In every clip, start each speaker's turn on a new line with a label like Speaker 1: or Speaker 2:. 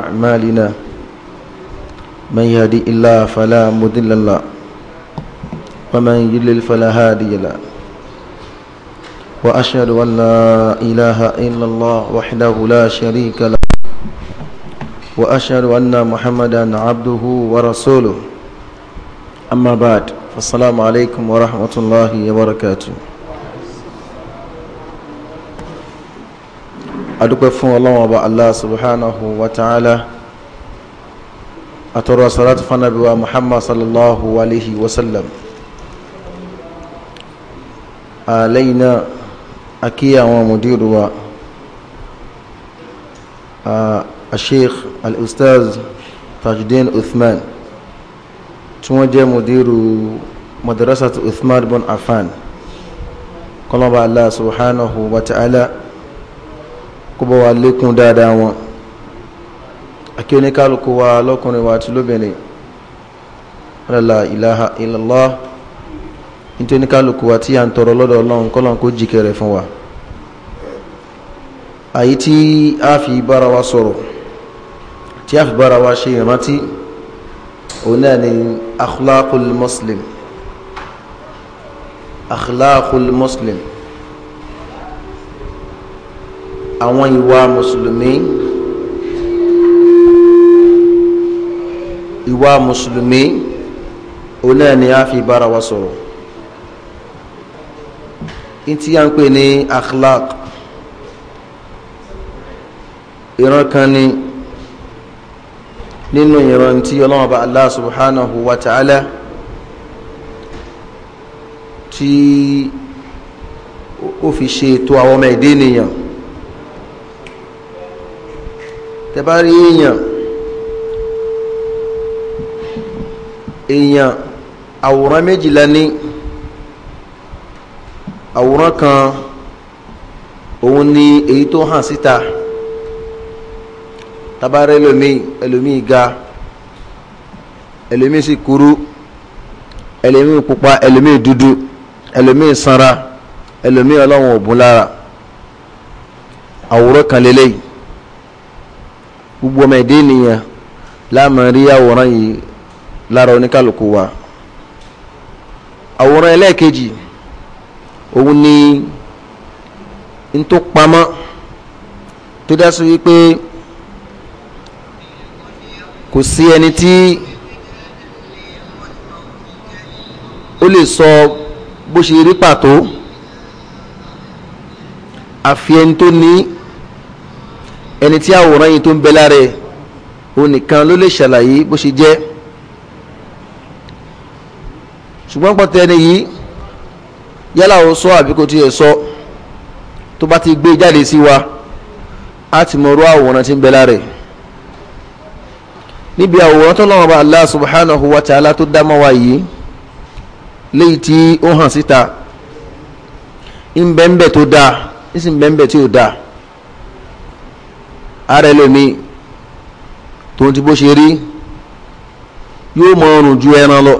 Speaker 1: أعمالنا من يهدي الله فلا مضل له ومن يضلل فلا هادي له وأشهد أن لا إله إلا الله وحده لا شريك له وأشهد أن محمدا عبده ورسوله أما بعد فالسلام عليكم ورحمة الله وبركاته adúpẹ́ fún ọlọ́wọ́n ọba allah subhanahu wa ta'ala àtọrọ salatu fanabiwa muhammad sallallahu alaihi wasallam àlẹ́yìn náà akí àwọn mùdírù wa asheikh al-ustaz tajudeen uthman tí wọ́n jẹ́ mùdírù madrasat uthman bin affan kọlọ́ba allah subhanahu wa ta'ala kó bá wa lékún dáadáa wọn àkí oníkálukú wa lọ́kùnrin wa àti lóbìnrin rẹ̀lá ìlàhà ìlàlá nítorí oníkálukú wa tí a ń tọrọ lọ́dọ̀ ọlọ́run kọ́lọ́n kó jìkẹrẹ fún wa àyí tí a fi bára wa sọ̀rọ̀ tí a fi bára wa ṣe ìrántí òun náà ni akhlaqul muslim akhlaqul muslim àwọn ìwà mùsùlùmí ìwà mùsùlùmí òun náà a fi bára wa sọ̀rọ̀ tí a ń pè ní akhlaq ìran kan ni nínú ìran tí ọlọ́wọ́n bá Allah subhanahu wa ta'ala tí ó fi ṣe ètò àwọn ọmọ ẹ̀dẹ́ ènìyàn tẹ bá rí èèyàn èèyàn àwòrán méjìlá ní àwòrán kan òun ni èyí tó hàn síta tabarẹ ẹlòmíì ẹlòmíì ga ẹlòmíì sì kúrú ẹlòmíì pupa ẹlòmíì dúdú ẹlòmíì sanra ẹlòmíì ọlọ́wọ̀n òbún àwòrán kan lélẹ́yìí gbogbo ọmọ ẹ̀dẹ́ ènìyàn láàmà rí àwòrán yìí lára oníkàlùkù wa àwòrán ẹlẹ́ẹ̀kejì òun ni n tó pamọ́ tó dá sí wípé kò sí ẹni tí ó lè sọ bó ṣe rí pàtó àfi ẹni tó ní ẹni tí àwòrán yìí tó ń bẹ lára ẹ̀ onìkan ló lè ṣàlàyé bó ṣe jẹ́ ṣùgbọ́n pọ̀tẹ́ ẹni yìí yálà ó sọ àbí kò tiẹ̀ sọ tó bá ti gbé jáde sí wa á ti mọ àwòrán tí ń bẹ lára ẹ̀ níbi àwòrán tó lọ́wọ́ bá Allah subhanahu wa ta'ala tó dá mọ́ wa yìí léyìí tí ó hàn síta ń bẹ́ńbẹ́ tó dáa ń sì ń bẹ́ńbẹ́ tí ò dáa ààrẹ lèmi tó ti bó ṣe rí yóò mọ ọrùn ju ẹran lọ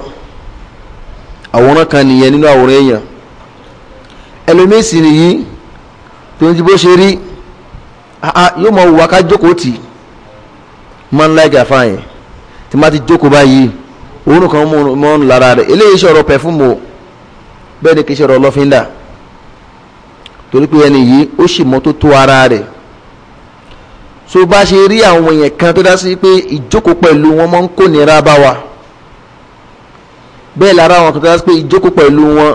Speaker 1: àwòrán kan nìyẹn nínú àwòrán èèyàn ẹlòmíì sì nìyí tó ti bó ṣe rí yóò mọ wùwá ká jókòó tì máa ń láìka fáyìn tí má ti jókòó báyìí òórùn kan mọ́ ń lára rẹ̀ eléyìí sọ̀rọ̀ pẹ̀fúmù bẹ́ẹ̀ ni kì í torí pé ẹni yìí ó sì mọ́tótó ara rẹ̀ so bá ṣe rí àwọn èèyàn kan tó dá sí pé ìjókòó pẹ̀lú wọn máa ń kó nira bá wa bẹ́ẹ̀ lára àwọn kan tó dá sí pé ìjókòó pẹ̀lú wọn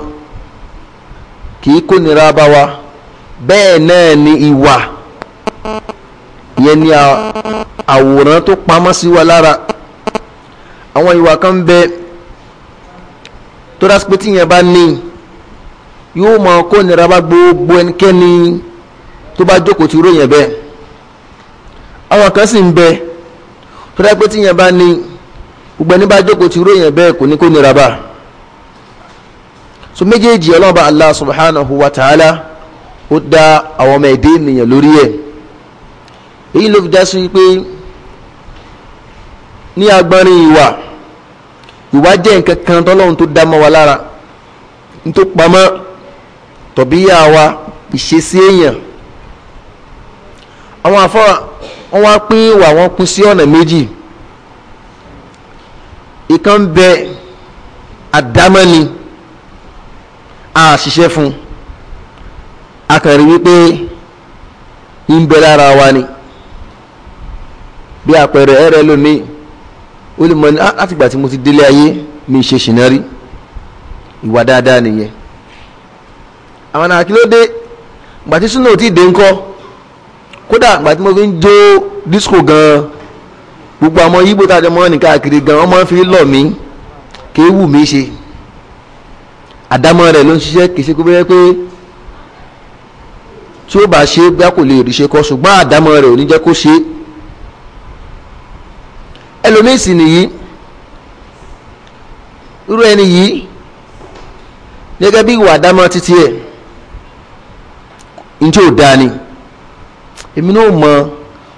Speaker 1: kì kó nira bá wa bẹ́ẹ̀ náà ni ìwà ìyẹn ni àwòrán tó pamọ́ sí wa lára àwọn ìwà kan ń bẹ tó dá sí pé tíyẹn bá ní yóò máa kó nira bá gbogbo ẹnikẹ́ni tó bá jókòó ti ròyìn bẹ́ẹ̀ àwọn kan sì ń bẹ tó dá pé tíyẹn bá ní gbogbo ẹni bá jókòó ti róyìn bẹ́ẹ̀ kò ní kó nira bá so méjèèjì ọlọ́ọ̀bá Allah subhanahu wa ta'ala ó dá àwọn ọmọ ẹ̀dẹ́ ènìyàn lórí ẹ̀ èyí ló fi dá sí pé ní agbọ́nrin ìwà ìwà jẹ́ nǹkan kan tọ́lọ́run tó dá mọ́ wa lára ní tó pamọ́ tọ̀bíyà wa ìṣesí èèyàn àwọn àfọ́wà wọ́n wá pín ìwà wọn pín sí ọ̀nà méjì ìkan bẹ àdámọ́ni a ṣiṣẹ́ fún akàrí wípé ń bẹ lára wa ni bí àpẹẹrẹ ẹrẹ lónìí ó lè mọ ní ah, látìgbà tí mo ti délé ayé mi ṣe ṣìnà rí ìwà dáadáa nìyẹn àwọn àkílódé gbàtí súnà ò tí ì dé ńkọ́ kódà àgbà tí mo fi ń jó disco gan gbogbo àwọn yíbo tájọ mọ́ ní káàkiri gan wọ́n máa ń fi lọ̀ mí kì í wù mí ṣe àdámọ́ rẹ̀ ló ń ṣiṣẹ́ kì ṣe pé bẹ́ẹ̀ pé tí ó bá ṣe é bá kò lè rí ṣe kọ́ ṣùgbọ́n àdámọ́ ò ní jẹ́ kó ṣe é ẹlòmíín sì nìyí irú ẹni yìí gẹ́gẹ́ bí ìwà àdámọ́ títí ẹ̀ ní tí ò dáa ni èmi náà mọ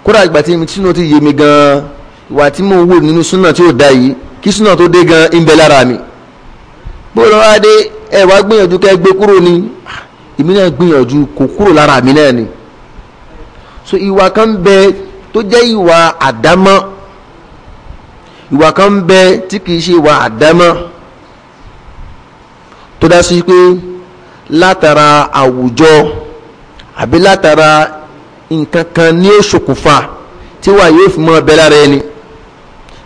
Speaker 1: kódà ìgbà tí sínú ti yé mi gan ìwà tí mò ń wò nínú súnà tí ò da yìí kí súnà tó dé gan ń bẹ lára mi bóyá wá dé ẹ wá gbìyànjú kẹ gbé kúrò ni èmi náà gbìyànjú kò kúrò lára mi náà ni so ìwà kan ń bẹ tó jẹ́ ìwà àdámọ́ ìwà kan ń bẹ tí kìí ṣe ìwà àdámọ́ tó dá sí pé látara àwùjọ àbí látara nǹkan kan ní ó ṣokùnfà tí wà yóò fi mọ ọbẹ̀ lára ẹni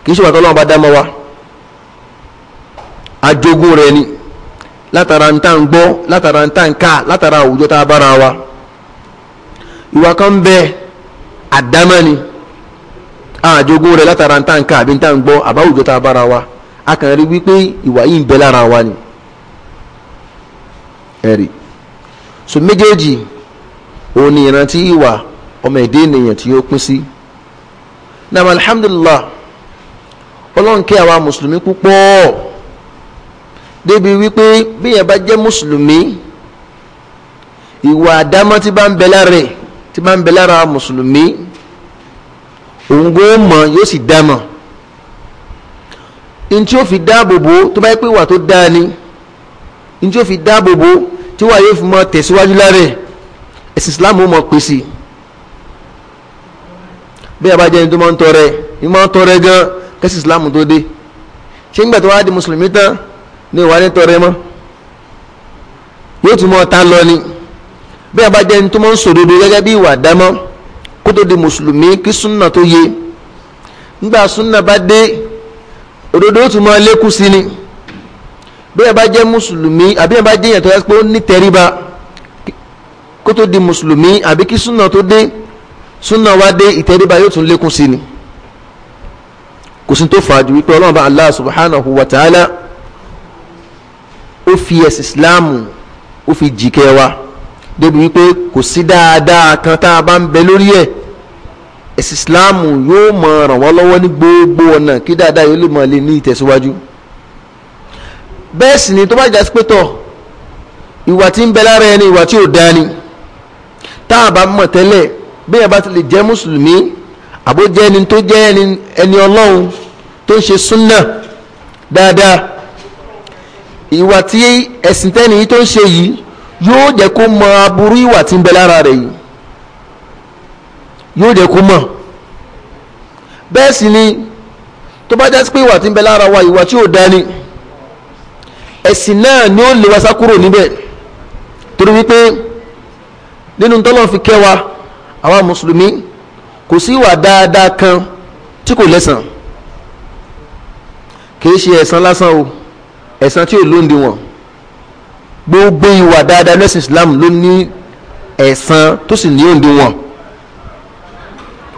Speaker 1: kì í ṣe wàtí ọlọ́run bá dá mọ́ wa àjogún rẹ̀ ni látara ń tà ń gbọ́ látara ń tà ń kà látara àwùjọ tá a bára wa ìwà kan ń bẹ àdámọ́ ni àjogún rẹ̀ látara ń tà ń kà àbí ń tà ń gbọ́ àbáwùjọ tá a bára wa a kàn rí wípé ìwà yìí ń bẹ lára wa ni ẹ̀rí so méjèèjì òun ni ìrántí ìwà ọmọ èdè ènìyàn tí ó pín sí náà alhamdulillah ọlọ́run kẹ́ àwa mùsùlùmí púpọ̀ débi wípé bí yẹn bá jẹ́ mùsùlùmí ìwà àdámọ́ tí bá ń bẹ lára rẹ̀ tí bá ń bẹ lára mùsùlùmí òun gbó mọ̀ yóò sì dámọ̀ in ó fi dáàbòbò tó bá yẹ pé ìwà tó dáa ni in ó fi dáàbòbò tí wà yóò fi mọ tẹ̀síwájú lára ẹ̀sìn Islam ó mọ̀ pèsè bí a bá jẹ́ ẹni tó máa ń tọrẹ ní máa ń tọrẹ gan kẹ́sì islam tó dé ṣé nígbà tó wá di mùsùlùmí tán ní ìwà ní tọrẹ mọ́ yóò tún mọ́ ta lọ ni bí a bá jẹ́ ẹni tó máa ń sòdodo gẹ́gẹ́ bí ìwà dámọ́ kó tó di mùsùlùmí kí súnà tó yẹ nígbà súnà bá dé òdodo ó tún máa lékún sí ni bí a bá jẹ́ mùsùlùmí àbí a bá jẹ́ èèyàn tó yẹ pé ó ní tẹríba kó tó di mùsùlùmí àbí kí súnà tó dé súnà wa dé ìtẹríba yóò tún lékún sí ni kò sí tó fàájú wípé ọlọ́run allah subhanahu wa ta'ala ó fi ẹ̀sìn islam ó fi jìkẹ́ wa débi wípé kò sí dáadáa kan tá a bá ń bẹ lórí ẹ̀ ẹ̀sìn islam yóò máa ràn wá lọ́wọ́ ní gbogbo ọ̀nà kí dáadáa yóò lè máa lè ní ìtẹ̀síwájú bẹ́ẹ̀ sì ni tó bá jásí pé tọ̀ ìwà tí ń bẹ lára ẹni ìwà tí ò dáa ni tá a bá mọ̀ tẹ́lẹ̀ bí yẹn bá ti lè jẹ́ mùsùlùmí àbó jẹ́ ẹni tó jẹ́ ẹni ọlọ́run tó ń ṣe súnà dáadáa ìwà tí ẹ̀sìn tẹ́ni yìí tó ń ṣe yìí yóò jẹ́ kó mọ aburú ìwà tí ń bẹ lára rẹ̀ yìí yóò jẹ́ kó mọ̀ bẹ́ẹ̀ sì ni tó bá jásí pé ìwà tí ń bẹ lára wa ìwà tí ò dání ẹ̀sìn náà ni ó lè wa sá kúrò níbẹ̀ torí wípé nínú tọ́lọ́ fi kẹ́ wa àwa musulmi kò sí ìwà dáadáa kan tí kò lẹ́sàn kìí ṣe ẹ̀san lásán o ẹ̀san tí ò lóǹde wọn gbogbo ìwà dáadáa lẹ́sìn Islam ló ní ẹ̀san tó sì ní òǹde wọn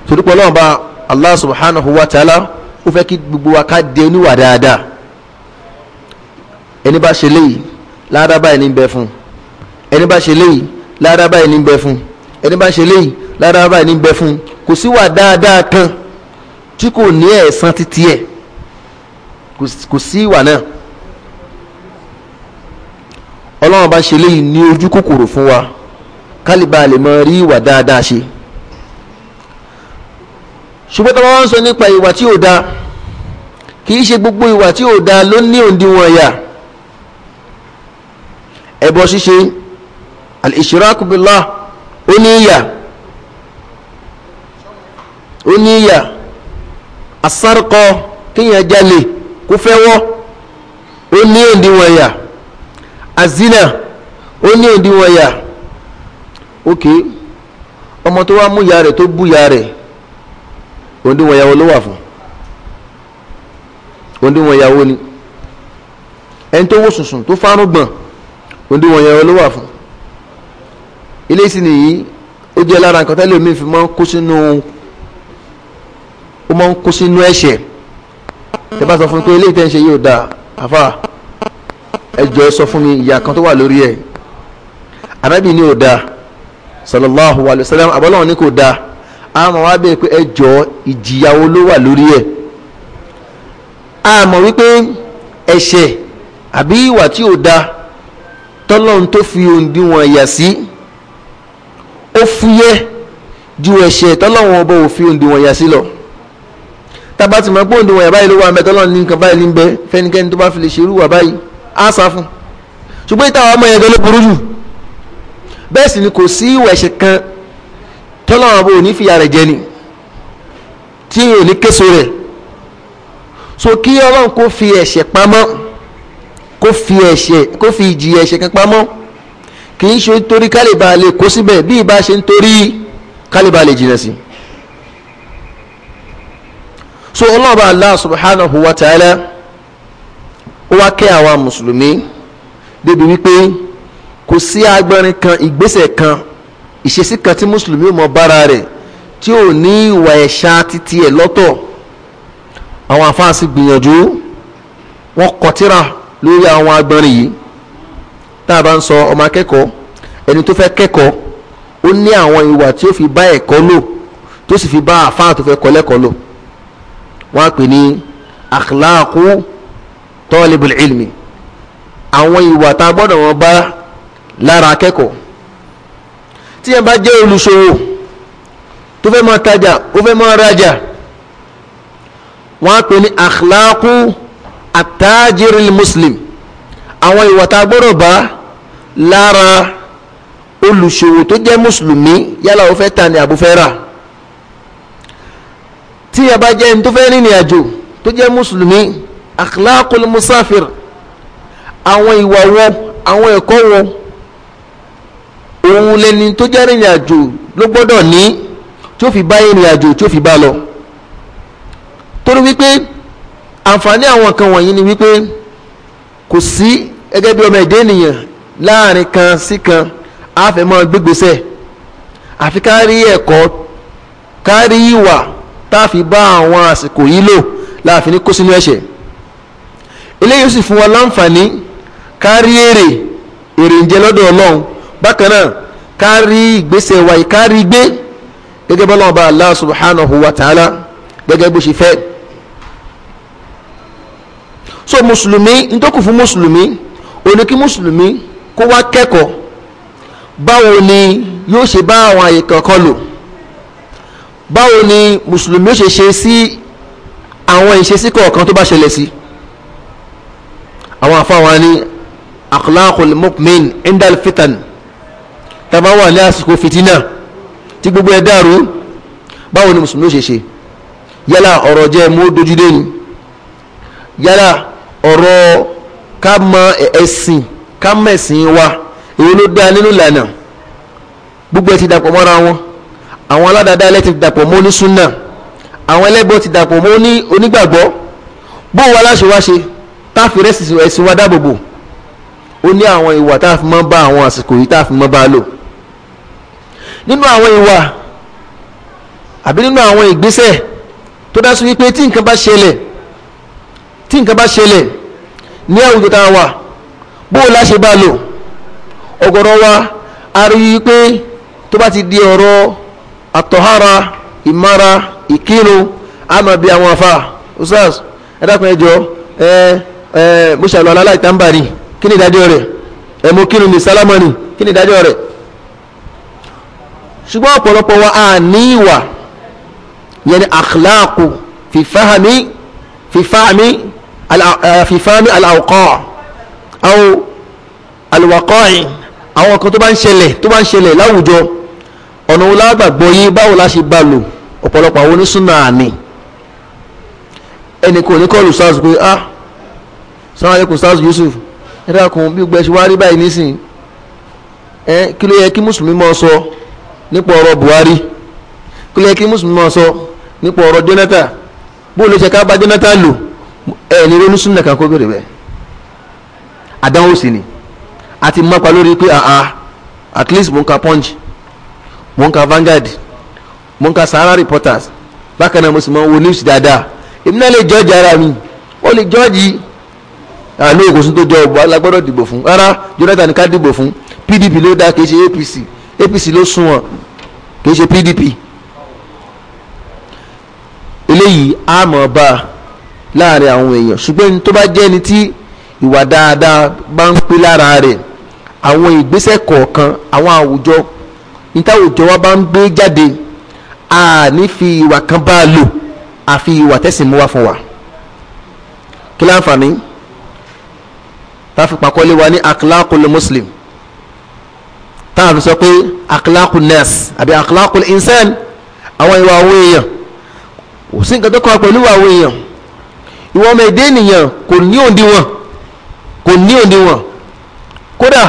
Speaker 1: torípọ̀ lọ́wọ́ bá Allah subhanahu wa ta'ala ó fẹ́ kí gbogbo wa ká di oníwà dáadáa ẹni bá ṣe léyìí ládàá báyìí bẹ fún ẹni bá ṣe léyìí ládàá báyìí bẹ fún ẹni bá ṣe léyìí lára báyìí ní bẹ fún un kò sí wà dáadáa kan tí kò ní ẹ̀san títí ẹ̀ kò sí ìwà náà ọlọ́run bá ṣe léyìí ní ojú kòkòrò fún wa kálíbà lè mọ rí ìwà dáadáa ṣe ṣùgbọ́n tí wọ́n ń sọ nípa ìwà tí ò dáa kì í ṣe gbogbo ìwà tí ò dáa ló ní òǹdíwọ̀n ẹ̀yà ẹbọ ṣíṣe al-ishraku billah ó ní ìyà ó ní ìyà asárkọ kíyàn jalè kó fẹ́ wọ́ ó ní òdiwọ̀n ìyà azina ó ní òdiwọ̀n ìyà ok ọmọ tó wá mú ìyá rẹ̀ tó bú ìyá rẹ̀ òdiwọ̀n ìyàwó ló wà fún òdiwọ̀n ìyàwó ni ẹni tó wó sùnsùn tó fárúgbọ̀n òdiwọ̀n ìyàwó ló wà fún ilé sì nìyí ó jẹ́ lára nǹkan tẹ́lẹ̀ mi fi máa ń kó sínú ó máa ń kó sínú ẹ̀ṣẹ̀ tẹ́ bá sọ fún mi pé ilé ìtẹ́ ń ṣe yóò dáa àfà ẹjọ́ sọ fún mi ìyà kan tó wà lórí ẹ̀ anábì ni ò dáa sallallahu alayhi wa sallam abọ́láwọn ni kò dáa àmọ́ wá bẹ́ẹ̀ pé ẹjọ́ ìjìyàwó ló wà lórí ẹ̀ àmọ́ wípé ẹ̀ṣẹ̀ àbí ìwà tí ò dáa tọ́lọ́run tó fi òǹdíwọ̀n yà sí ó fúyẹ́ ju ẹ̀ṣẹ̀ tọ́lọ́wọ́n ọba òfin òǹdíwọ̀n yà sí lọ tábà tí mo pé òǹdíwọ̀n yà báyìí ló wà mẹ́tọ́ lọ́nà ní nǹkan báyìí ní bẹ fẹ́nikẹ́ni tó bá fi lè ṣerú wà báyìí á sá fún ṣùgbọ́n ìta àwọn ọmọ yẹn gan burú jù bẹ́ẹ̀ sì ni kò sí ìwà ẹ̀ṣẹ̀ kan tọ́lọ́wọ́n ọba òní fìyà rẹ̀ jẹ ni tí ò ní késo rẹ̀ so kí ọlọ́run kó fi ẹ̀ṣẹ̀ pamọ́ kó fi ẹ̀ṣẹ̀ kó fi ìjì ẹ̀ṣẹ̀ kan pamọ́ kì í ṣe nítorí kálíbà lè kó síbẹ̀ bí ìbá ṣe nítorí kálíbà lè jìnà sí so ọlọ́ọ̀bá Allah subhanahu wa ta'ala ó wá kẹ́ àwọn mùsùlùmí débi wípé kò sí agbẹ́rin kan ìgbésẹ̀ kan ìṣesí kan tí mùsùlùmí mọ bára rẹ̀ tí ò ní ìwà ẹ̀ṣá títí ẹ̀ lọ́tọ̀ àwọn afáàsì gbìyànjú wọ́n kọtíra lórí àwọn agbẹ́rin yìí tá a bá ń sọ ọmọ akẹ́kọ̀ọ́ ẹni tó fẹ́ kẹ́kọ̀ọ́ ó ní àwọn ìwà tí ó fi bá ẹ̀kọ́ lò tó sì fi bá àfáà tó fẹ́ kọ́ lẹ́kọ̀ọ́ lò wọ́n á pè ní akhlaqu talibul ilmi àwọn ìwà tá a gbọ́dọ̀ wọn bá lára akẹ́kọ̀ọ́ tí ẹ bá jẹ́ olùṣòwò tó fẹ́ máa tajà ó fẹ́ máa rajà wọ́n á pè ní akhlaqu attajiril muslim àwọn ìwà tá a gbọ́dọ̀ bá lára olùṣòwò tó jẹ́ mùsùlùmí yálà ó fẹ́ ta ni àbò fẹ́ rà tí a bá jẹ́ ẹni tó fẹ́ rìnrìn àjò tó jẹ́ mùsùlùmí akhlaqul musafir àwọn ìwà wọn àwọn ẹ̀kọ́ wọn òun lẹni tó jẹ́ rìnrìn àjò ló gbọ́dọ̀ ní tí ó fi bá ìrìn àjò tí ó fi bá lọ torí wípé àǹfààní àwọn kan wọ̀nyí ni wípé kò sí gẹ́gẹ́ bí ọmọ ẹ̀dẹ́ ènìyàn láàrin kan sí kan a fẹ́ mọ́ gbégbèsè àfi ká rí ẹ̀kọ́ ká rí ìwà tá a fi bá àwọn àsìkò yìí lò láàfin ní kó sínú ẹ̀ṣẹ̀ eléyìí sì fún wa láǹfààní ká èrè èrè ń jẹ lọ́dọ̀ ọlọ́run bákan náà ká ìgbésẹ̀ wa yìí gbé gẹ́gẹ́ bọ́lá ọba Allah subhanahu wa ta'ala gẹ́gẹ́ bó ṣe fẹ́ so mùsùlùmí ntọ́kù fún mùsùlùmí ó ní mùsùlùmí kó wá kẹ́kọ̀ọ́ báwo ni yóò ṣe bá àwọn àyè kankan lò báwo ni mùsùlùmí ó ṣe ṣe sí àwọn ìṣesí kọ̀ọ̀kan tó bá ṣẹlẹ̀ sí àwọn àfáà wa akhlaqul mu'min indal fitan tàbá wà ní àsìkò fitina tí gbogbo ẹ dàrú báwo ni mùsùlùmí ó ṣe ṣe yálà ọ̀rọ̀ jẹ́ mú dojúdé ni yálà ọ̀rọ̀ ká mọ ẹ̀sìn e, e, ká mẹ̀sìn wa èyí ló dá nínú ìlànà gbogbo ẹ ti dàpọ̀ mọ́ra wọn àwọn aládàáda ẹlẹ́ ti dàpọ̀ mọ́ ní súnà àwọn ẹlẹ́bọ ti dàpọ̀ mọ́ ní onígbàgbọ́ bóun wa láṣẹ wá ṣe táàfin rẹ̀ ẹ̀sìn wa dáàbòbò ó ní àwọn ìwà táàfin mọ́ bá àwọn àsìkò yìí táàfin mọ́ bá lò nínú àwọn ìwà àbí nínú àwọn ìgbésẹ̀ tó dá sí wípé tí nǹkan bá ṣẹlẹ̀ tí nǹkan bá ṣẹlẹ̀ ní àwùjọ tá wà bó o láṣẹ bá lò ọ̀gọ̀rọ̀ wa a rí i pé tó bá ti di ọ̀rọ̀ àtọ̀hára ìmára ìkírun a máa bi àwọn afa usas ẹ dákun ẹ jọ ẹ ẹ mo ṣàlùwàlá aláìtàǹbà ni kí ni ìdájọ́ rẹ̀ ẹ mo kírun ní sálámà kí ni ìdájọ́ rẹ̀ ṣùgbọ́n ọ̀pọ̀lọpọ̀ wa a ní ìwà yẹn ni akhlaqu fìfáhàmì fìfáhàmì alàwùkọ́ àwọn alùwàkọ́ọ̀ì àwọn kan tó bá ń ṣẹlẹ̀ tó bá ń ṣẹlẹ̀ láwùjọ ọ̀nà wo lágbàgbọ́ yé báwo la ṣe bá lò ọ̀pọ̀lọpọ̀ àwọn àní ah Yusuf ẹ dákun bí gbẹ wá rí báyìí nísìn ẹ kí ló Buhari kí ló yẹ kí mùsùlùmí sọ nípa ọ̀rọ̀ Jonathan bó ló ṣe ká bá Jonathan lò àdánwò sì ni àti mọ́pa lórí pé àà ah, ah, at least mo ń ka punch mo ń ka Vanguard mo ń ka Sahara reporters bákan náà mo sì máa wo news dáadáa èmi náà lè jọ́ọ̀jì ara mi ó lè jọ́ọ̀jì àná ògùnsùn tó jọ ọ̀bọ̀ alágbọ́dọ̀ dìbò fún rárá Jonathan ká dìbò fún PDP ló dá kìí ṣe APC APC ló sunwọ̀n kìí ṣe PDP eléyìí àmọ́ bá láàrin àwọn èèyàn ṣùgbọ́n tó bá jẹ́ ni tí ìwà dáadáa bá ń pín lára rẹ̀ àwọn ìgbésẹ̀ kọ̀ọ̀kan àwọn àwùjọ nítawùjọ wa bá ń gbé jáde a ní fi ìwà kan bá a lò àfi ìwà tẹ̀sìn mú wa fún wa kí láǹfààní táfi pàkọ́lé wa ní akílákùlù muslim táàbí sọ pé akílákùl nas àbí akílákùl insan àwọn ìwà àwọn èèyàn kò sí nǹkan tó kọ́ pẹ̀lú àwọn èèyàn ìwà ọmọ èdè ènìyàn kò ní òǹdíwọ̀n kò ní òdiwọ̀n kódà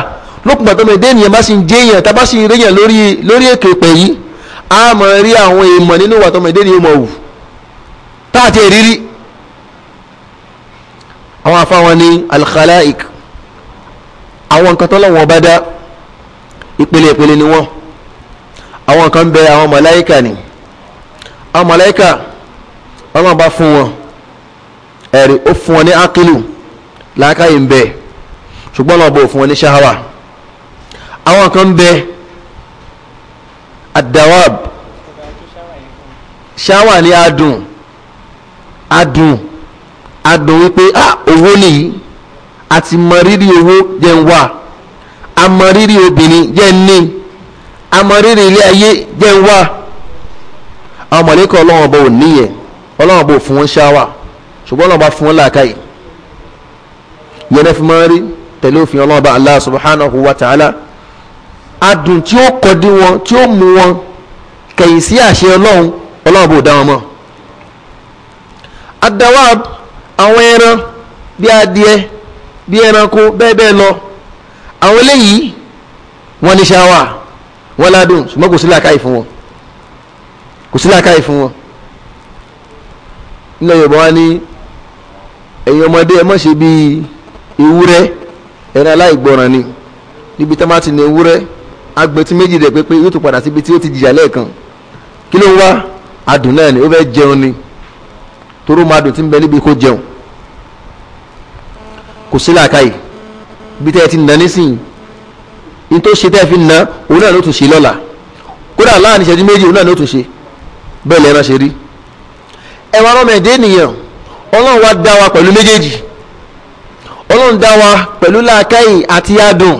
Speaker 1: lókùnbà tó mẹ́ẹ̀dé ènìyàn bá sì ń jẹ́ èèyàn tàbá sì ń réyàn lórí lórí èkè pẹ̀ yìí a mọ̀ rí àwọn èèmọ̀ nínú wà tó mẹ́ẹ̀dé ènìyàn mọ̀ wù táàtì ìrírí àwọn afáwọn ní alkhalaik àwọn nǹkan tó lọ́wọ́ bá dá ìpele ìpele ni wọ́n àwọn nǹkan bẹ àwọn màláíkà ni àwọn màláíkà wọ́n máa bá fún wọn ẹ̀rí ó fún wọn ní ákìlù làákàyè ń bẹ ṣùgbọ́n náà bò fún wọn ní ṣáháwà àwọn kan ń bẹ adawab ṣáháwà ní adùn adùn adùn wípé ah owó nìyí àti mọrírì owó jẹ́ ń wà amọrírì obìnrin jẹ́ ń ní amọrírì ilé ayé jẹ́ ń wà àwọn mọ̀lẹ́kọ̀ ọlọ́wọ́n bò níyẹn ọlọ́wọ́n bò fún wọn ṣáháwà ṣùgbọ́n náà bá fún wọn làákàyè yẹn fi máa ń rí tẹ̀lé òfin ọlọ́run bá Allah subhanahu wa ta'ala adùn tí ó kọdí wọn tí ó mú wọn kẹ̀yìn sí àṣẹ ọlọ́run ọlọ́run bò dá wọn mọ̀ adawab àwọn ẹran bí adìẹ bí ẹranko bẹ́ẹ̀ bẹ́ẹ̀ lọ àwọn eléyìí wọn ní ṣáwà wọn ládùn ṣùgbọ́n kò sí làákàyè fún wọn kò sí làákàyè fún wọn nílẹ̀ yorùbá wa ní ẹ̀yin ọmọdé ẹ má ṣe bíi ewúrẹ́ ẹni aláìgbọràn ni níbi tí ti ní ewúrẹ́ agbẹ̀tí méjì rẹ̀ pépé yóò tún padà síbi tí ó ti jìyà lẹ́ẹ̀kan kí ló ń wá adùn náà ni ó fẹ́ jẹun ni toró máa dùn tí ń bẹ níbi kó jẹun kò sí làákàyè bí tẹ́ ẹ ti nà nísìnyí ní tó ṣe tẹ́ ẹ fi nà òun náà ló tún ṣe lọ́la kódà láàrin ìṣẹ́jú méjì òun náà ló tún ṣe bẹ́ẹ̀ lẹ́ẹ̀rán ṣe rí ẹ̀wọ̀n ọmọ ẹ̀dẹ́ ènìyàn ọlọ́run wá dá wa pẹ̀lú méjèèjì ọlọ́run dá wa pẹ̀lú làákàyè àti adùn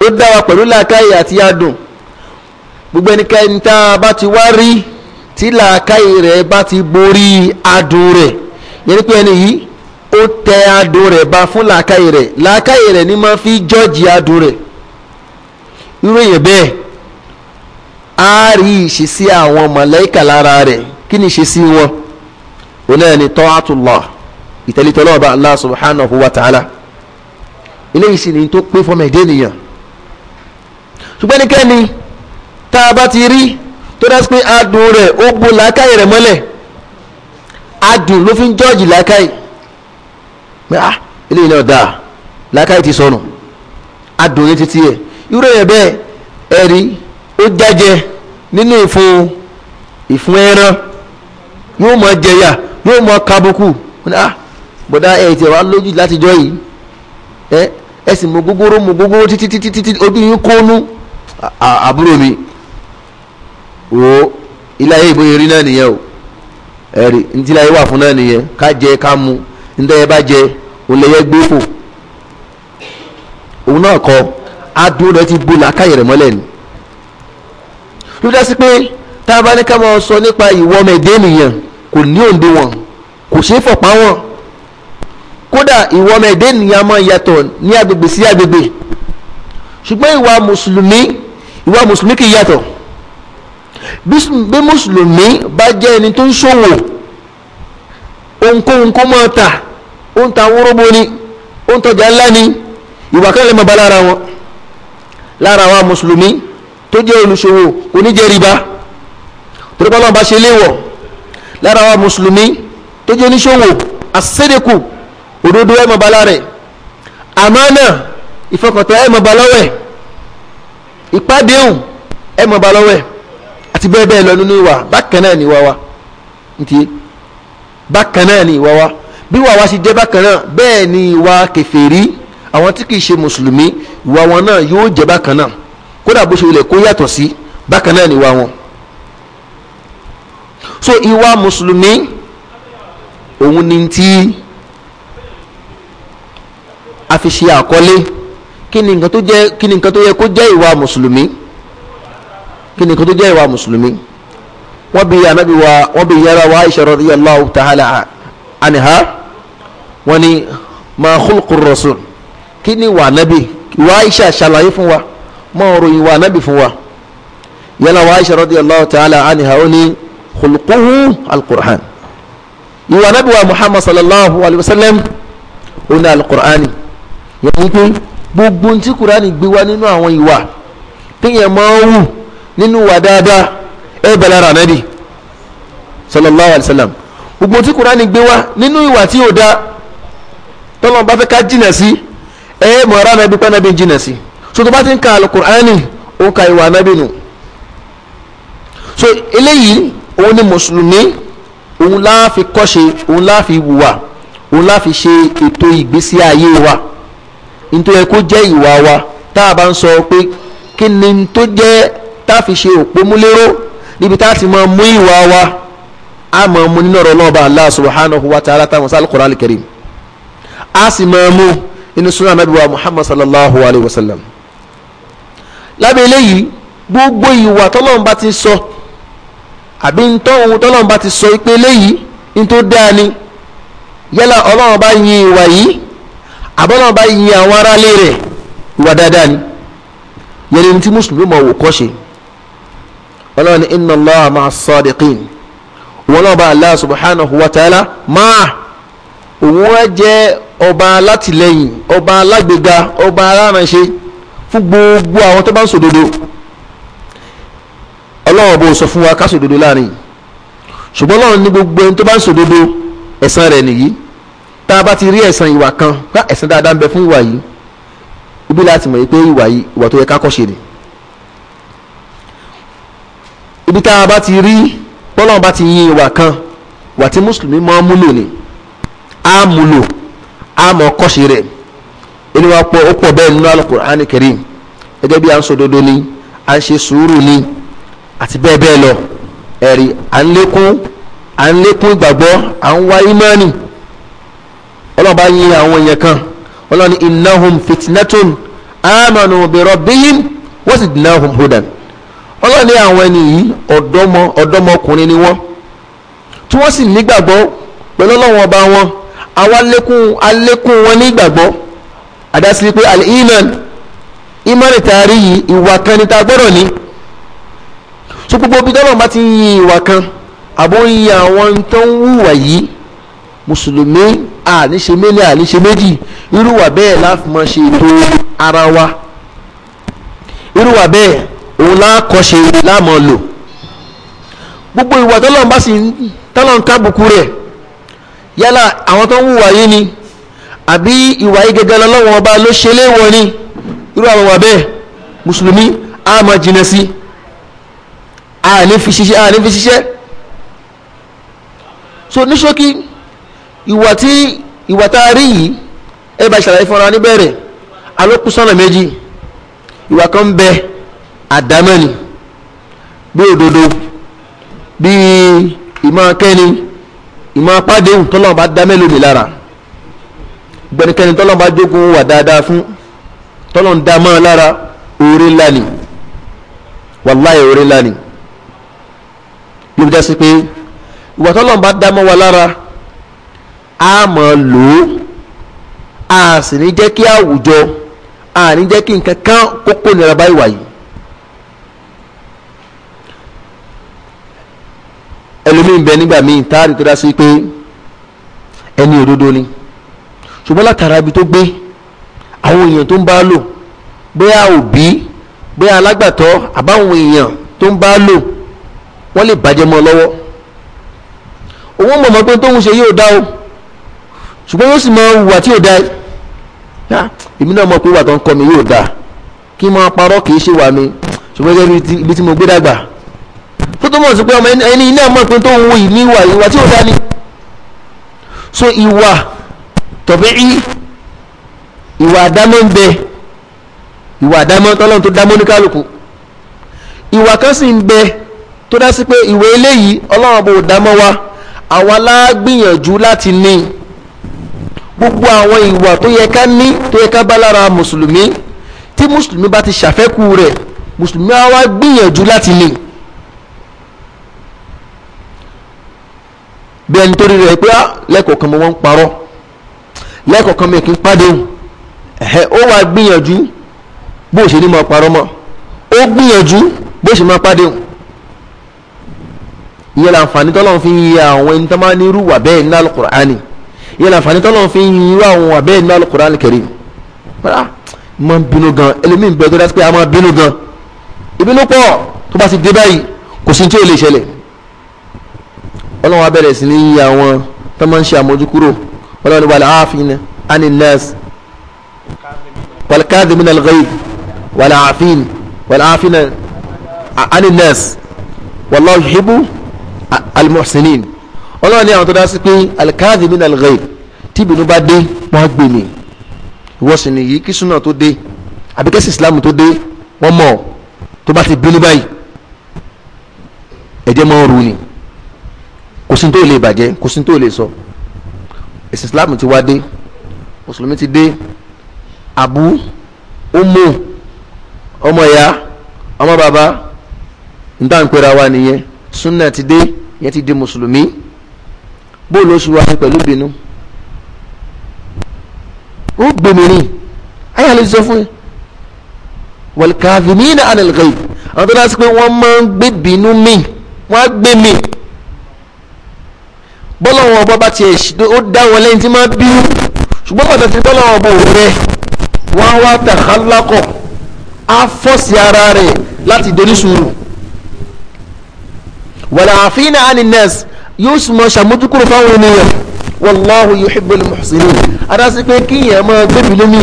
Speaker 1: ó dá wa pẹ̀lú làákàyè àti adùn gbogbo ẹnikẹ́ni tá a bá ti wá rí tí làákàyè rẹ̀ bá ti borí adùn rẹ̀ yẹn ni pé ẹni yìí ó tẹ adùn rẹ̀ bá fún làákàyè rẹ̀ làákàyè rẹ̀ ni máa fi jọ́ọ̀jì adùn rẹ̀ irú èèyàn bẹ́ẹ̀ á rí ìṣesí àwọn mọ̀lẹ́kà lára rẹ̀ kí ni ìṣesí wọn òun àtúlọ́ọ̀ ìtẹ̀lẹ́tọ̀ lọ́wọ́ bá Allah subhanahu wa ta'ala eléyìí sì ni tó pé fọmọ ẹ̀dẹ́ nìyàn ṣùgbọ́n nìkẹ́ni tá a bá ti rí tó dá sí pé adùn rẹ̀ ó bo làákàyè rẹ̀ mọ́lẹ̀ adùn ló fi ń jọ́ọ̀jì làákàyè pé ah eléyìí náà dáa làákàyè ti sọnù adùn rẹ̀ títí ẹ̀ irú rẹ̀ bẹ́ẹ̀ ẹ̀rí ó jájẹ nínú ìfun ìfun ẹran yóò mọ jẹyà yóò mọ kabuku ah bọ̀dá ẹ̀ ti wàá lójú lati jọ yìí ẹ ẹ sì mú gbogbooro mú gbogbooro títí títí títí ojú mi wo ilé ìbò yẹn rí náà o ẹ̀rí ntí ilé wà fún náà nìyẹn ká jẹ ká mu ntẹ́ yẹn bá jẹ òun lè yẹ gbé fò òun náà kọ adùn rẹ ti bọ́lá káyẹ̀rẹ̀ mọ́lẹ̀ ni ló dá sí pé tá a bá ní ká máa sọ nípa ìwọ́mẹ̀dé nìyẹn kò ní òǹdè wọn kò ṣeé fọ̀pá wọn. kódà ìwọ ọmọ ẹ̀dẹ́ ènìyàn máa yàtọ̀ ní agbègbè sí agbègbè ṣùgbọ́n ìwà mùsùlùmí ìwà mùsùlùmí kì í yàtọ̀ bí mùsùlùmí bá jẹ́ ẹni tó ń ṣòwò ohunkóhun kó máa tà ó ń ta wórógbó ni ó ń tọjà ńlá ni ìwà kan lè máa bá lára wọn lára àwọn mùsùlùmí tó jẹ́ olùṣòwò kò ní jẹ́ rìbá torípàá náà bá ṣe léwọ̀ lára àwọn mùsùlùmí tó jẹ́ oníṣòwò àṣẹ́dẹ́kù òdodo ẹ̀ mọ̀ bala rẹ̀ àmánà ìfọkàntán ẹ̀ mọ̀ bala wẹ̀ ìpàdéhùn ẹ̀ mọ̀ bala wẹ̀ àti bẹ́ẹ̀ bẹ́ẹ̀ lọ nínú ìwà bákan náà ni ìwà wa ntí bákan náà ni ìwà wa bí ìwà wa ṣe jẹ́ bákan náà bẹ́ẹ̀ ni ìwà kèfèrí àwọn tí kìí ṣe mùsùlùmí ìwà wọn náà yóò jẹ́ bákan náà kódà bó ṣe wulẹ̀ kó yàtọ̀ sí bákan náà ni ìwà wọn so ìwà mùsùlùmí òun ni ti a fi ṣe àkọlé kí ni nǹkan tó jẹ́ kí ni nǹkan tó yẹ kó jẹ́ ìwà mùsùlùmí kí ni nǹkan tó jẹ́ ìwà mùsùlùmí wọ́n bi anabi wa wọ́n bi yàrá wa aisha radiyallahu ta'ala anha wọ́n ní ma khulqur rasul kí ni wà anabi ìwà aisha ṣàlàyé fún wa mọ́ ròyìn wà anabi fún wa yàrá wa aisha radiyallahu ta'ala anha ó ní khulquhu alqur'an ìwà anabi wa muhammad sallallahu alayhi wa sallam ó ní alqur'ani yẹn ni pé gbogbo tí kùránì gbé wá nínú àwọn ìwà téèyàn máa ń wù nínú wà dáadáa ẹ bẹ̀rẹ̀ rà sallallahu alayhi wa sallam gbogbo tí kùránì gbé wá nínú ìwà tí ò da tọ́lọ́ bá fẹ́ ká jìnà sí ẹ mọ̀ ara pẹ́ nẹ́bí jìnà sí so tó bá ti ń ka alukur'ani ó ka ìwà nẹ́bí nù so eléyìí òun ni mùsùlùmí òun láàfi kọ́ṣe òun láàfi wùwà òun láàfi ṣe ètò ìgbésí ayé wa nítorí kó jẹ́ ìwà wa tá a bá ń sọ pé kí ni tó jẹ́ tá a fi ṣe òpómúléró níbi tá a ti máa mú ìwà wa a máa mú nínú ọ̀rọ̀ ọlọ́ọ̀bá Allah subhanahu wa ta'ala táwọn sálẹ̀ Qur'an al-Karim a sì máa mú inú sunnah Ànábì wa Muhammad sallallahu alayhi wa sallam lábẹ́ eléyìí gbogbo ìwà tọ́lọ́run ti sọ àbí ntọ́hun tọ́lọ́run bá ti sọ pé eléyìí ní tó dáa ni yálà ọlọ́run yin ìwà yìí àbọ̀nà bá yin àwọn aráalé rẹ̀ ìwà dáadáa ni yẹni tí mùsùlùmí mọ̀ wò kọ́ ṣe ọlọ́run ní inna Allaha ma'a as-sadiqin wọn náà bá Allah subhanahu wa ta'ala máa òun á jẹ́ ọba alátìlẹyìn ọba alágbèga ọba aláránṣe fún gbogbo àwọn tó bá ń sòdodo ọlọ́run bó sọ fún wa ká sòdodo láàrin ṣùgbọ́n ọlọ́run ní gbogbo ẹni tó bá ń sòdodo ẹ̀san rẹ̀ nìyí tá a bá ti rí ẹ̀san ìwà kan ká ẹ̀san dáadáa ń bẹ fún ìwà yìí ibi láti mọ̀ pé ìwà yìí ìwà tó yẹ ká kọ́ ṣe ni ibi tá a bá ti rí bọ́lọ́run bá ti yin ìwà kan ìwà tí mùsùlùmí máa ń múlò ni á múlò á mọ̀ kọ́ṣe rẹ̀ ẹni wàá pọ̀ ó pọ̀ bẹ́ẹ̀ nínú Al-Qur'an gẹ́gẹ́ bí à ń sọ dodo ni à ń ṣe sùúrù ni àti bẹ́ẹ̀ bẹ́ẹ̀ lọ ẹ̀rí à ń lékún à ń lékún ìgbàgbọ́ à ń wá ìmánì ọlọ́run bá yin àwọn èèyàn kan ọlọ́run ní innahum fitnatun amanu bi rabbihim wa zidnahum hudan ọlọ́run ní àwọn ẹni yìí ọ̀dọ́mọ ọ̀dọ́mọkùnrin ni wọ́n tí wọ́n sì nígbàgbọ́ pẹ̀lú ọlọ́run ọba wọn àwa lékún alékún wọn nígbàgbọ́ àdásí pé al-iman ìmọ̀ràn tààrí yìí ìwà kan ní gbọ́dọ̀ ní so gbogbo bí dọ́lọ́run bá ti yin ìwà kan àbó yin àwọn tó ń wùwà yìí mùsùlùmí àníṣe mélòó àníṣe méjì irúwà bẹ́ẹ̀ láti mọ ṣe ètò ara wa irúwà bẹ́ẹ̀ òun lákọ̀ṣe láàmọ̀ lò gbogbo ìwà tọ́lọ́n bá sì tọ́lọ́n kábùkù rẹ̀ yálà àwọn tó ń hùwà yìí ni àbí ìwà yìí gẹ́gẹ́ lọ́wọ́ ọba ló ṣe léwọ̀ ni irú àwọn wà bẹ́ẹ̀ mùsùlùmí a máa jìnà sí a ní fi ṣiṣẹ́ so ní ṣókí ìwà tí ìwà tá a rí yìí ẹ bá ṣàlàyé fúnra níbẹ̀rẹ̀ alókùsọ́nà méjì ìwà kan ń bẹ àdámẹ́ni bí òdodo bí ìmọ̀ akẹ́ni ìmọ̀ apádéhùn tọ́lọ́mọba dámẹ́lòmí lára gbẹnikẹ́ni tọ́lọ́mọba jogun wà dáadáa fún tọ́lọ́n dá mọ́ lára orí ńlá ni wàláyé orí ńlá ni ló bí pé ìwà tọ́lọ́mọba dá mọ́ wa lára a mọ̀ lò ó a sì ní jẹ́ kí àwùjọ a ní jẹ́ kí nǹkan kan kókó nira bá ìwà yìí. ẹlòmíín bẹ nígbà míì táàrí tó dá sí pé ẹni òdodo ni ṣùgbọ́n látara ibi tó gbé àwọn èèyàn tó ń bá lò bóyá òbí bóyá alágbàtọ́ àbáwọn èèyàn tó ń bá lò wọ́n lè bàjẹ́ mọ́ ọ lọ́wọ́ òun mọ̀mọ́ pé tóun ṣe yóò dá o. ṣùgbọ́n yóò sì mọ ìwà tí ò da yá èmi náà mọ̀ pé tó ń kọ́ mi yóò da kí n máa parọ́ kì í ṣe wà mí ṣùgbọ́n gẹ́gẹ́ ibi tí mo gbé dàgbà mọ̀ sí pé ọmọ ẹni iná mọ̀ pé tó ń wo ìní ìwà ìwà da ni so ìwà í ìwà àdámọ́ ń bẹ ìwà àdámọ́ gbogbo àwọn ìwà tó yẹ ká ní tó yẹ ká bá lára mùsùlùmí tí mùsùlùmí bá ti ṣàfẹ́kù rẹ̀ mùsùlùmí á wá gbìyànjú láti lè bí ẹni tó rí rẹ̀ pé ah, lẹ́kọ̀ọ̀kan mo wọ́n ń parọ́ lẹ́kọ̀ọ̀kan mi kì í pàdéhùn ẹ̀hẹ́ ó wá gbìyànjú bó ṣe ní mọ́ parọ́ mọ́ ó gbìyànjú bó ṣe máa pàdéhùn ìyẹn làǹfààní tọ́lọ́run fi yẹ àwọn ẹni tó máa ní irú wà bẹ́ẹ̀ ní Al-Qur'ani yẹn àǹfààní tọ́lọ́ fi ń yíwá àwọn àbẹ́ ìlú alukur'an kẹrin rárá mọ bínú gan ẹlòmíín bẹ tó dájú pé a máa bínú gan ìbínú pọ̀ tó bá ti dé báyìí kò sí tí ò lè ṣẹlẹ̀ ọlọ́run abẹ́rẹ́ sí ní yí àwọn tó máa ń ṣe àmójúkúrò ọlọ́run wàlẹ̀ ààfin aninas wàlkàdìmínà lẹ́yìn wàlẹ̀ ààfin wàlẹ̀ ààfin aninas wàlọ́ọ̀hìbù almuhsinin ọlọ́run ní àwọn tó dá sí pé alikadi mi nàlẹ́ tí ìbínú bá dé wọ́n gbè mí ìwọ́sìn nìyí kí súnà tó dé àbíkẹ́sì islam tó dé wọ́n mọ̀ tó bá ti bínú báyìí ẹ̀jẹ̀ máa ń ru ni kò sí tó lè bàjẹ́ kò sí tó lè sọ ẹ̀sì islam ti wá dé mùsùlùmí ti dé abu umu ọmọ ìyá ọmọ bàbá níta ń pera wa nìyẹn súnà ti dé yẹn ti di mùsùlùmí bóòlù oṣù wa pẹ̀lú bínú ó gbèmìrì ayé àlejò sọ fún yẹn wàlùkàdìmínà ànàlùkàyè àwọn tó dá sí pé wọ́n máa ń gbé bínú mi wọ́n á gbé mi bọ́lọ́wọ́n ọba bá tiẹ̀ ó dá wọn lẹ́yìn tí máa bínú ṣùgbọ́n pàtàkì bọ́lọ́wọ́n ọba ò rẹ wọ́n á wá tàkàlákọ̀ á fọ́ọ̀sì ara rẹ̀ láti dorí sùúrù wàlàáfínà ànínẹ́sì yóò sì máa ṣàmójúkúrò fáwọn ènìyàn wallahu yuhibbul muhsinin adásí pé kíyàn máa gbébí lómi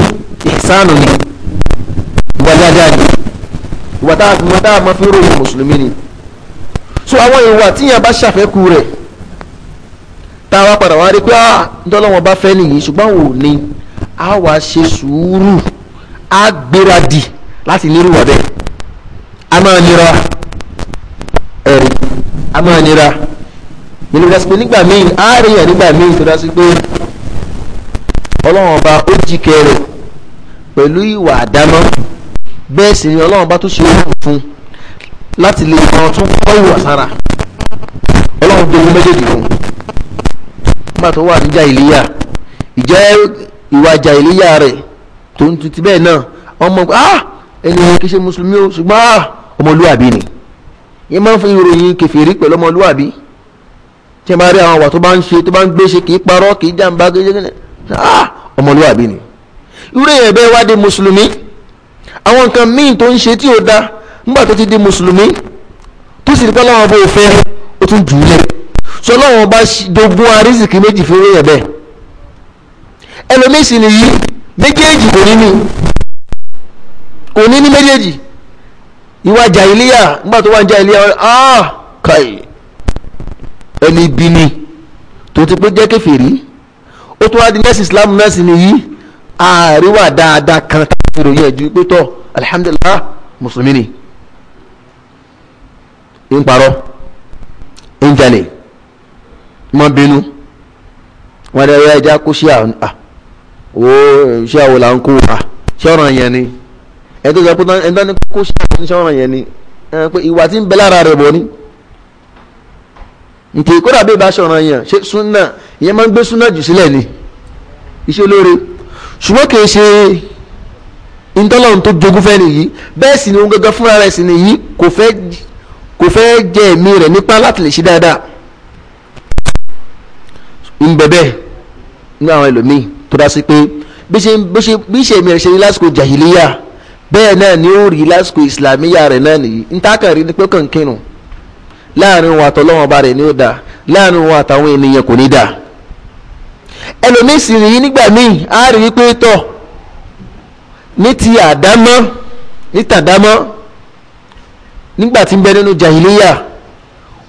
Speaker 1: ìsánù ni ìwà ni ìwà máa fi ròyìn mùsùlùmí ni so àwọn ìwà tíyàn bá ṣàfẹ́kù rẹ̀ tá a wá padà wá rí pé ah ntọ́lọ́wọ́n bá fẹ́ nìyí ṣùgbọ́n ò ní a wá ṣe sùúrù á gbéradì láti nírú wà bẹ́ẹ̀ a máa nira ẹ̀rí a máa nira. university pé nígbà míì àárín yẹn nígbà míì tó dá sí pé ọlọ́run ọba ó jí kẹrẹ̀ pẹ̀lú ìwà àdámọ́ bẹ́ẹ̀ sì ni ọlọ́run ọba tó ṣe òun fún láti lè kan tún kọ́ ìwà sára ọlọ́run dogun méjèèjì fún nígbà tó wà ní jàìlíyà ìjẹ́ ìwà jàìlíyà rẹ̀ tó ń tutù bẹ́ẹ̀ náà ọmọ pé ah ẹni kì í ṣe mùsùlùmí o ṣùgbọ́n ah ọmọlúwàbí ni yẹn máa ń fún ìròyìn kẹfìrí tí a máa rí àwọn àwà tó bá ń ṣe tó bá ń gbé ṣe kì í parọ́ kì í jàǹbá kì í jẹ́gẹ́lẹ́ ah! ọmọlúwàbí ni irú èèyàn bẹ́ẹ̀ wá di mùsùlùmí àwọn nǹkan míì tó ń ṣe tí ò da nígbà tó ti di mùsùlùmí tó sì rí pé láwọn bó fẹ́ ó tún jù lẹ̀ sọ láwọn bá dogun arísìkí méjì fún èèyàn bẹ́ẹ̀ ẹlòmíì nìyí méjèèjì kò ní ní kò ní ní méjèèjì ìwà jàìlíyà nígbà tó wà ń jàìlíyà ah kai ẹni bí ni tó ti pé jẹ́ kèfèrí ó tún wá di nẹ́ẹ̀sì islam náà sì nìyí àríwá dáadáa kan tá a fi ròyìn ẹ̀jú pé tọ́ alihamdulilah mùsùlùmí ni ń parọ́ ń jalè mọ́ bínú wọ́n dẹ̀ yá ẹja kó ṣí àwọn wo ṣé àwọn là ń kó wa ṣé ọ̀ràn yẹn ni ẹ̀ tó sọ pé ẹ̀ńtọ́ ni kó ṣí àwọn ṣé ọ̀ràn yẹn ni ẹ̀ pé ìwà tí ń bẹ lára rẹ̀ bọ̀ ni nti kódà bí ibà sọ̀rọ̀ yẹn ṣe súnà ìyẹn máa ń gbé súnà jù sílẹ̀ ni iṣẹ́ olóore ṣùgbọ́n kì í ṣe ìtọ́lọ́run tó jogún fẹ́ nìyí bẹ́ẹ̀ sì ni òun gangan fúnra rẹ̀ sì nìyí kò fẹ́ kò fẹ́ jẹ ẹ̀mí rẹ̀ nípa láti lè ṣe dáadáa ń bẹ bẹ́ẹ̀ ní àwọn ẹlòmíì tó dá sí pé bí ṣe bí ṣe èmi rẹ̀ ṣe ní lásìkò jàhìlíyà bẹ́ẹ̀ náà ni ó rí lásìkò ìsìlámíyà rẹ̀ náà nìyí ń tákàn rí ni pé kàn láàrin wọn àtọlọ́wọ́n ọba rẹ̀ ni ó dáa láàrin wọn àtàwọn ènìyàn kò ní dáa ẹlòmíì sì rí nígbà míì á rí i tọ ní ti àdámọ́ ní tàdámọ́ nígbà tí ń bẹ nínú jàhìlíyà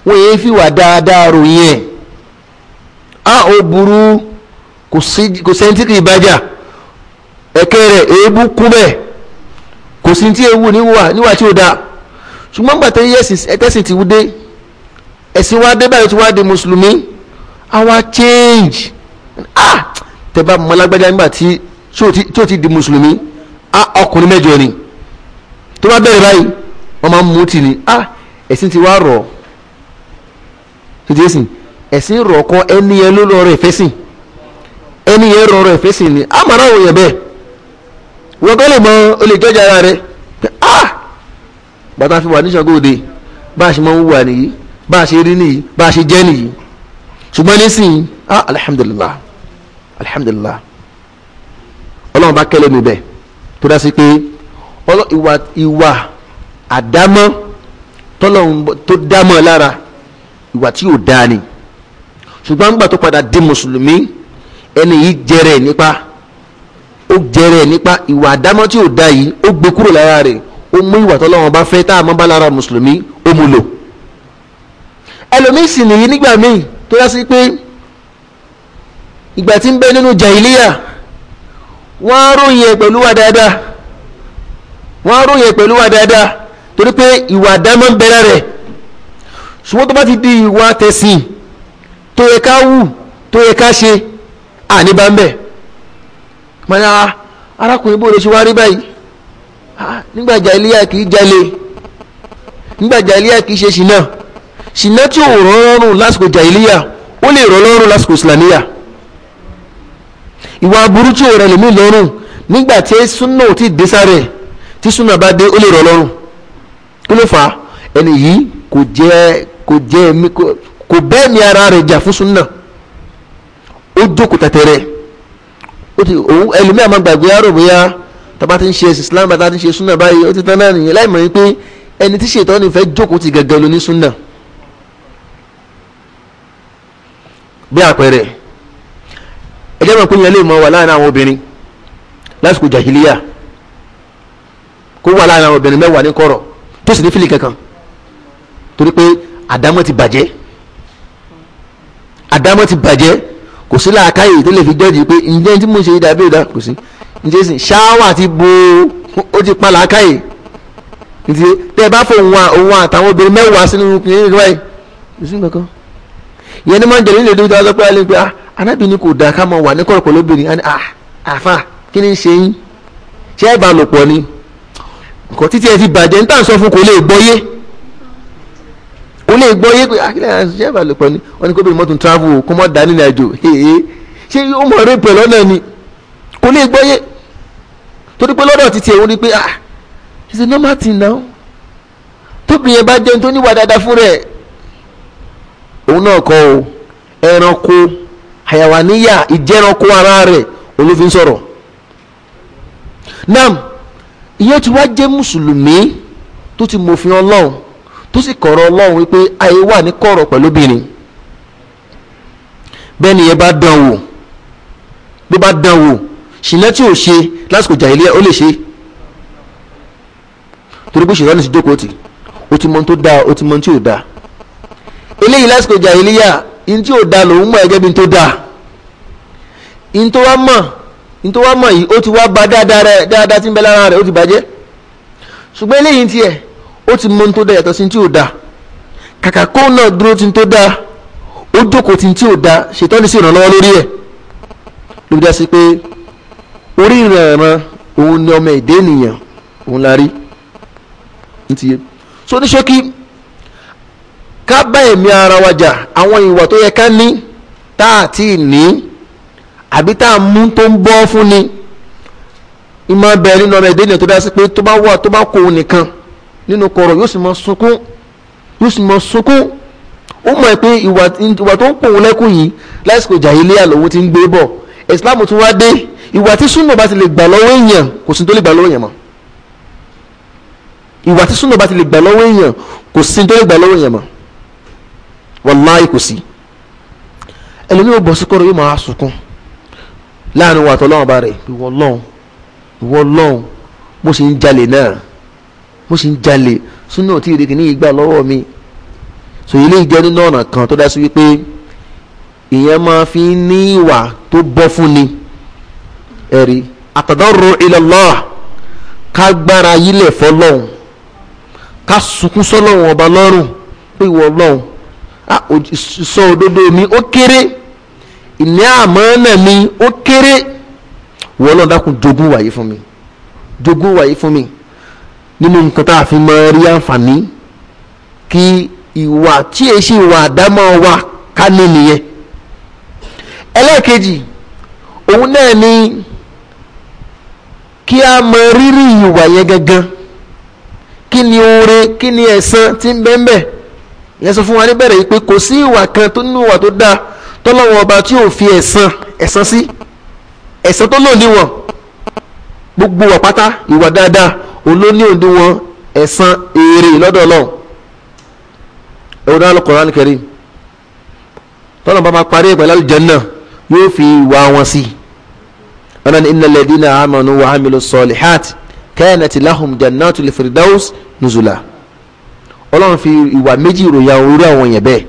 Speaker 1: wọ́n yéé fi wà dáadáa ròyìn ẹ̀ á ò burú kò sẹ́ńtìkì ewu níwà tí ó ṣùgbọ́n ti wú dé ẹ̀sìn wa dé báyìí tí wọ́n di mùsùlùmí àwa change ah tẹ́bá mọ́lágbájá nígbà tí tí ó ti di mùsùlùmí ah ọkùnrin mẹ́jọ ni tó bá bẹ̀rẹ̀ báyìí wọ́n máa ń mú tì ní ah ẹ̀sìn ti wá rọ̀ títí ẹ̀sìn ẹ̀sìn rọ̀ kọ́ ẹni yẹn ló lọ rẹ̀ fẹ́sìn ẹni yẹn rọ̀ rẹ̀ fẹ́sìn ni ah màrá òun yẹn bẹ́ẹ̀ wọ́n kọ́ lè mọ olè jọ́jà ara rẹ̀ ah bàtà fi wà ní Ṣàngó òde bá a ṣe máa ń wà nìyí bá a ṣe rí nìyí bá a ṣe jẹ́ nìyí ṣùgbọ́n nísìnyí ah alhamdulillah alhamdulillah ọlọ́run bá kẹ́lẹ́ mi bẹ́ẹ̀ tó dá sí pé ìwà ìwà àdámọ́ tọ́lọ́run tó dámọ́ lára ìwà tí ò dáa ni ṣùgbọ́n nígbà tó padà di mùsùlùmí ẹni yìí jẹrẹ nípa ó jẹrẹ nípa ìwà àdámọ́ tí ò dáa yìí ó gbé kúrò lára rẹ̀ ó mú ìwà tọ́lọ́run bá fẹ́ tá a mọ́ bá lára mùsùlùmí ó mú lò ẹlòmíì sì nìyí nígbà míì tó yá sí pé ìgbà tí ń bẹ nínú jàìlíyà wọ́n ròyìn ẹ̀ pẹ̀lú wa dáadáa wọ́n ròyìn ẹ̀ pẹ̀lú wa dáadáa torí pé ìwà àdámọ́ ń bẹ̀rẹ̀ rẹ̀ ṣùgbọ́n tó bá ti di ìwà tẹ̀sìn tó yẹ ká wù tó yẹ ká ṣe àníbá ń bẹ̀ mọ́nà arákùnrin bó lè ṣe wá rí báyìí nígbà jàìlíyà kì í jalè nígbà jàìlíyà kì í ṣe ṣìnà ṣìnà tí ò rọ́ lọ́rùn lásìkò jàìlíyà ó lè rọ́ lọ́rùn lásìkò ìsìlàníyà ìwà aburú tí ò rẹ̀ lèmi lọ́rùn nígbà tí súnà ò ti dé sáré tí súnà bá dé ó lè rọ́ lọ́rùn kí ló fà á ẹni yìí kò jẹ́ kò jẹ́ mi kò bẹ́ẹ̀ ni ara rẹ̀ jà fún súnà ó jókòó tẹ̀tẹ̀rẹ̀ ó ti òun ẹlòmíà máa gbàgbé àrò bóyá tàbá ti ń ṣe Islam bá ti ń ṣe súnà báyìí ó ti tán náà nìyẹn láì mọ̀ ní pé ẹni tí ṣètọ́ nífẹ̀ẹ́ jókòó ti gẹ̀gẹ̀ lóní súnà. bí àpẹẹrẹ ẹjẹ́ mọ̀ pé yẹn lè mọ wà láàrin àwọn obìnrin lásìkò jahiliya kó wà láàrin àwọn obìnrin mẹ́wàá ní kọ̀rọ̀ tó sì ní fílì kankan torí pé àdámọ́ ti bàjẹ́ àdámọ́ ti bàjẹ́ kò sí làákàyè tó lè fi jọ́ọ̀jì pé ǹjẹ́ tí mo ṣe ìdá bí ìdá kò sí ǹjẹ́ sì ṣáwà ti bo ó ti pa làákàyè ǹjẹ́ tẹ́ ẹ bá fọ òun àtàwọn obìnrin mẹ́wàá sínú kìnìún rẹ̀ kò sí nǹkan kan ìyẹn ní máa ń jẹ̀lú ilé ìdúró tó pé alẹ́ pé ah anábì ni kò dáa ká máa wà ní kọ̀rọ̀kọ̀ lóbìnrin ah àfa kí ni ń ṣe yín ṣé ẹ bá lò pọ̀ ni nǹkan títí ẹ ti bàjẹ́ ń tà ń sọ fún kò lè gbọ́yé kò lè gbọ́yé pé akílẹ̀ ah, ṣé ẹ bá lò pọ̀ ni wọ́n ní kó bèrè mọ́tò travel kó mọ́ dání ní àjò ṣé ó mọ̀ rẹ́ pẹ̀lú ọ̀nà ni kò lè gbọ́yé torí pé lọ́dọ̀ títí ẹ̀ wọ́n ní pé ah it's normal thing now tóbi yẹn bá jẹun tó níwà dáadáa fún rẹ̀ òun náà kọ́ o ẹranko àyàwáníyà ìjẹranko ara rẹ̀ olófin sọ̀rọ̀ nam ìyẹn tí wàá jẹ́ mùsùlùmí tó ti mòfin ọlọ́run tó sì kọ̀rọ̀ ọlọ́run wípé ayé wà ní kọ̀rọ̀ pẹ̀lú obìnrin bẹ́ẹ̀ nìyẹn bá dán wò bí bá dán wò ṣìnà tí ò ṣe lásìkò jàìlíyà ó lè ṣe torí bó ṣe rán ní sí jókòó tì ó ti mọ tó dáa ó ti mọ tí ò dáa. eléyìí lásìkò jàhílíyà in tí ò da lòun mọ̀ ẹgẹ́ bí tó da in tó wá mọ̀ in tó wá mọ̀ yìí ti wá ba dáadáa rẹ̀ dáadáa tí ń bẹ lára rẹ̀ ó ti bàjẹ́ ṣùgbọ́n eléyìí tiẹ̀ ó ti mọ̀ tó da yàtọ̀ sí tí ò da kàkà kó náà dúró tí tó da ó jókòó tí tí ò da ṣètọ́ni sí ìrànlọ́wọ́ lórí ẹ̀ ló dá sí pé orí ìrànràn òun ni ọmọ ènìyàn òun so ní ṣókí ká bá ẹ̀mí ara wa jà àwọn ìwà tó yẹ ká ní tá a ti ní àbí tá a mú tó ń bọ́ fún ni ìmọ̀ bẹ́ẹ̀ nínú ọmọ ẹ̀dẹ́ ènìyàn tó dá sí pé tó bá wà tó bá kó o nìkan nínú kọ̀rọ̀ yóò sì mọ sunkún yóò sì mọ sunkún ó mọ̀ pé ìwà tó ń pòun lẹ́kùn yìí lásìkò jàhílíyà lòun ti ń gbé bọ̀ ìsìláàmù tún wá dé ìwà tí súnà bá ti lè gbà lọ́wọ́ èèyàn kò sí tó lè gbà lọ́wọ́ èèyàn mọ́ ìwà tí súnà bá ti lè gbà lọ́wọ́ èèyàn kò sí tó lè gbà lọ́wọ́ èèyàn mọ́ wàláyé kò sí ẹlòmí ò bọ̀ sí kọ́rọ̀ yóò máa sunkún láàrin wa tọ́lọ́wọ́n bá rẹ̀ ìwọ lọ́hùn ìwọ lọ́hùn mo sì ń jalè náà mo sì ń jalè súnà tí ìrèké ní ìgbà lọ́wọ́ mi sòyí lè jẹ́ nínú ọ̀nà kan tó dá sí wípé ìyẹn máa fi ní ìwà tó bọ́ fún ni ẹ̀rí àtàdọ́rọ̀ ilallah ká gbára yílẹ̀ fọlọ́hùn ká sunkún sọ́lọ́hùn ọba lọ́rùn pé ìwọ lọ́hùn Ah, sọ òdodo mi ó kéré ìní mi ó kéré wọ́n náà dákun jogún wàyí fún mi jogún wàyí fún mi nínú nǹkan tá a fi máa rí àǹfààní kí ìwà wa ká ní nìyẹn ẹlẹ́ẹ̀kejì òun náà ni kí a mọ rírì ìwà yẹn gangan kí ni oore kí ni ẹ̀san tí ń bẹ́ẹ̀ yẹn sọ fún wa níbẹ̀rẹ̀ yìí pé kò sí ìwà kan tó nínú ìwà tó dáa tọ́lọ́wọ́n ọba tí ò fi ẹ̀san ẹ̀san sí ẹ̀san tó lòdì wọn gbogbo wà ìwà dáadáa òun ló wọn ẹ̀san èrè lọ́dọ̀ ọlọ́run ẹ̀wọ̀n náà Al-Qur'an Karim tọ́lọ́wọ́n bá máa parí ẹ̀ pẹ̀lú al yóò fi ìwà wọn sí ọ̀nà ni innal ladhina amanu wa amilu s-salihati kanat lahum jannatul firdaus nuzula ọlọ́run fi ìwà méjì ìròyìn àwọn orí àwọn èèyàn bẹ́ẹ̀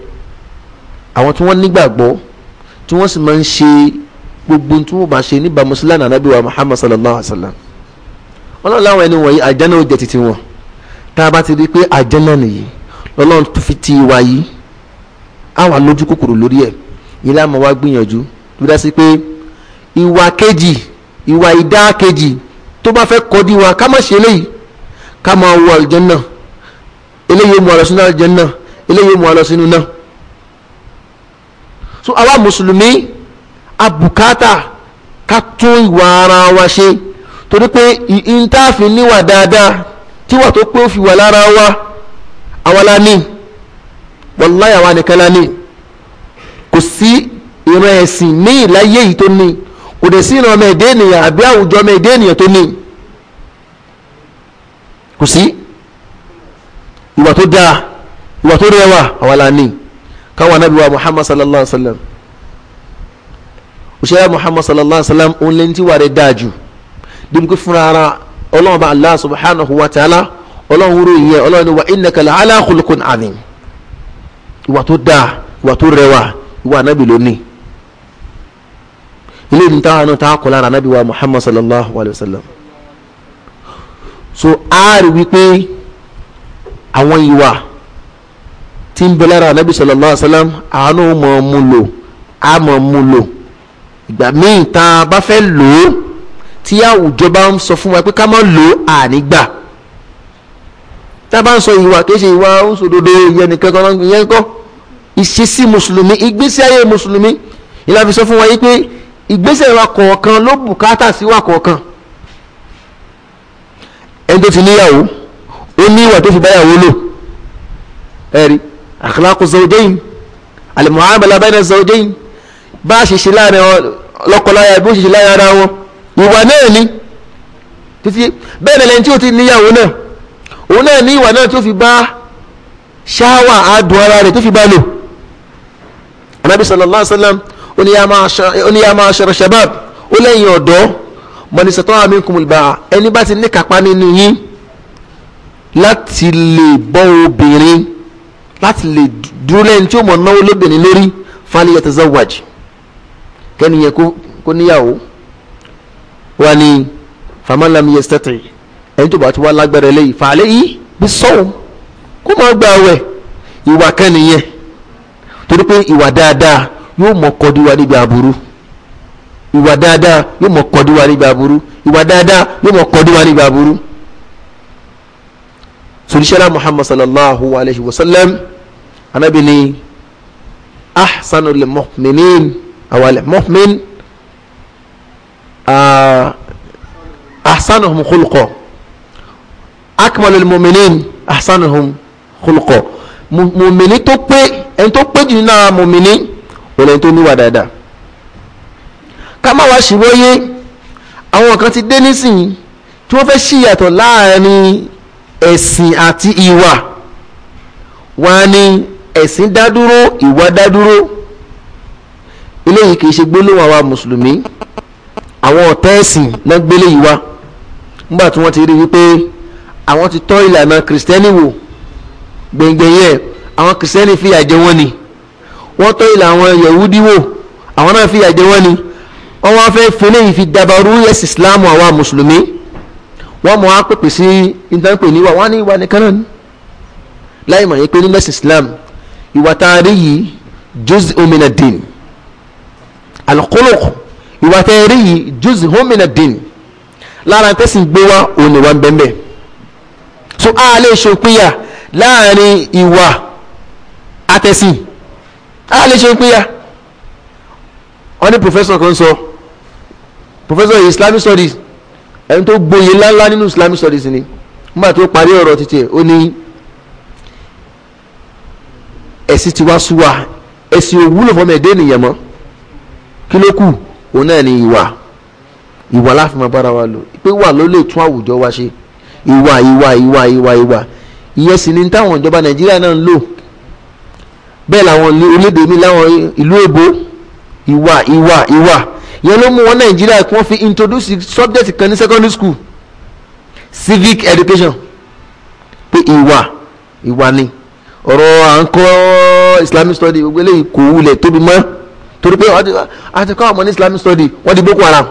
Speaker 1: àwọn tí wọ́n nígbàgbọ́ tí wọ́n sì máa ń ṣe gbogbo tí wọ́n bá ṣe níbàámu sí lánàá wa Muhammad sallallahu alaihi wa sallam ọlọ́run láwọn ẹni wọ̀nyí àjẹ́nà ó jẹ titi wọn tá a bá ti rí i pé àjẹ́nà nìyí lọ́lọ́run tó fi ti ìwà yìí á wà lójú kòkòrò lórí ẹ̀ yìí láàmú wá gbìyànjú tó dá sí pé ìwà kejì ìwà ìdá kejì tó bá fẹ́ kọ́ di wa ká má ṣe eléyìí ká má wọ àlùjánnà eléyìí mú alọ́sínú àlùjánnà eléyìí mú alọ́sínú náà so àwa mùsùlùmí abùkátà ká tún ìwà ara wa ṣe torí pé ìntàfin níwà dáadáa tíwà tó pé ó fi wà lára wa àwa la ní wallahi àwa nìkan la ní kò sí ìran ẹ̀sìn ní ìláyé yìí tó ní kò dẹ̀ sí ìran ọmọ ẹ̀dẹ́ ènìyàn àbí àwùjọ ọmọ ẹ̀dẹ́ ènìyàn tó ní kò sí ìwà tó dáa ìwà tó rẹwà àwa la ní káwọn anábì wa muhammad sallallahu alaihi wa sallam òṣèré muhammad sallallahu alaihi wa sallam òun lẹ́ni tí wà rẹ̀ dáa jù dèmí kó fúnra ara ọlọ́run bá allah subhanahu wa ta'ala ọlọ́run wúro yẹ ọlọ́run wa innaka la ala khuluqin azim ìwà tó dáa ìwà tó rẹwà ìwà anábì ló ilé ìdí táwọn náà táwọn kọ lára muhammad sallallahu alaihi wa sallam so a wípé àwọn ìwà tí ń bẹ lára anabi sallallahu alayhi wa sallam àánú mọ̀ ọ́ mú lò á mọ̀ ọ́ mú lò ìgbà míì tá a bá fẹ́ lò ó tí àwùjọ bá ń sọ fún wa pé ká má lò ó ànígbà tá a bá ń sọ ìwà kì í ṣe ìwà òǹsòdodo ìyẹnìkan kan ìyẹn kọ́ ìṣesí mùsùlùmí ìgbésí ayé mùsùlùmí ìlànà sọ fún wa yìí pé ìgbésẹ̀ wa kọ̀ọ̀kan ló bùkátà sí wa kọ̀ọ̀kan ẹni tó ti níyàwó ó ní ìwà tó fi báyàwó lò ẹ̀rí akhlaqu zawjayn al-mu'amala bayna zawjayn bá ṣe ṣe láàrin lọ́kọláya bí ó ṣe ṣe láàrin ara wọn ìwà náà ni títí bẹ́ẹ̀ ni lẹ́yìn tí ó ti níyàwó náà òun náà ní ìwà náà tó fi bá ṣáwà adùn ara rẹ̀ tó fi bá lò anabi sallallahu alaihi wa sallam ó ní ya ma'ashara shabab ó lẹ́yìn ọ̀dọ́ man istata'a minkumul ẹni bá ti ní kápá nínú yín láti lè bọ́ obìnrin láti lè dúró lẹ́yìn tí ó mọ̀ náwó lóbìnrin lórí fáliyà tó zọ́wájì kẹ́niyẹn kó níyàwó wà ní famalami yestati ẹni tó bá ti wá lágbára lẹ́yìn fàálẹ́ yìí bí sọ́wọ́ kó máa gba àwẹ̀ ìwà kẹ́niyẹn torí pé ìwà dáadáa yóò mọ̀ kọ́díwá níbi àbúrú ìwà dáadáa yóò mọ̀ kọ́díwá níbi àbúrú ìwà dáadáa yóò mọ̀ kọ́díwá níbi àbúrú sòlíṣẹ́lá muhammad sallallahu alayhi wa sallam anabi ni ahsanu lil mu'minin awal mu'min ahsanuhum khulqa akmalu lil mu'minin ahsanuhum khulqa mùmìnì tó pé ẹni tó pé jù nínú àwọn mùmìnì òun ẹni tó níwà dáadáa ká má wá ṣìwọ́yé àwọn kan ti dé nísìnyí tí wọ́n fẹ́ ṣìyàtọ̀ láàrin ẹ̀sìn àti ìwà wọn á ní ẹ̀sìn dádúró ìwà dádúró eléyìí kì í ṣe gbólóhùn àwa mùsùlùmí àwọn ọ̀tá ẹ̀sìn náà gbélé yìí wá nígbà tí wọ́n ti rí wípé àwọn ti tọ́ ìlànà kìrìsìtẹ́nì wò gbẹ̀ngbẹ̀yìn ẹ̀ àwọn kìrìsìtẹ́nì fìyà jẹ wọ́n ni wọ́n tọ́ ìlà àwọn yẹ̀wúdí wò àwọn náà fìyà jẹ wọ́n ni wọ́n wá fẹ́ fẹ́lẹ́ yìí fi dàbàrú ẹ̀sìn ìsìláàmù àwa mùsùlùmí wọ́n mọ̀ á pèpè sí ìdánpè níwà wọ́n á ní ìwà nìkan náà ni láì mọ̀ yín pé nílẹ̀ islam ìwà tá a rí yìí juz omina din alukuluq ìwà tá a rí yìí juz omina din lára tẹ́sí gbé wá òní wa bẹ́ẹ̀ so a lè ṣòpinya láàrin ìwà àtẹ̀sí a lè ṣòpinya wọ́n ní professor kan sọ professor islamic studies ẹni tó gboyè ńláńlá nínú islamic studies ni nígbà tó parí ọ̀rọ̀ títí ẹ̀ ó ní ẹ̀sìn ti wá súwa ẹ̀sìn òwúlò fọmọ ẹ̀dẹ́ ènìyàn mọ́ kí ló kù òun náà ni ìwà ìwà láfi máa bára wa lò pé wà ló lè tún àwùjọ wa ṣe ìwà ìwà ìwà ìwà ìwà ìyẹn sì ni táwọn ìjọba nàìjíríà náà ń lò bẹ́ẹ̀ làwọn orílẹ̀ láwọn ìlú èbó ìwà ìwà ìwà yẹn ló mú wọn nàìjíríà kí wọ́n fi introduce subject kan ní secondary school civic education pé ìwà ìwà ni ọ̀rọ̀ à ń kọ́ islamic study gbogbo eléyìí kò wulẹ̀ tóbi mọ́ torí pé àti kọ́ àwọn ní islamic study wọ́n di boko haram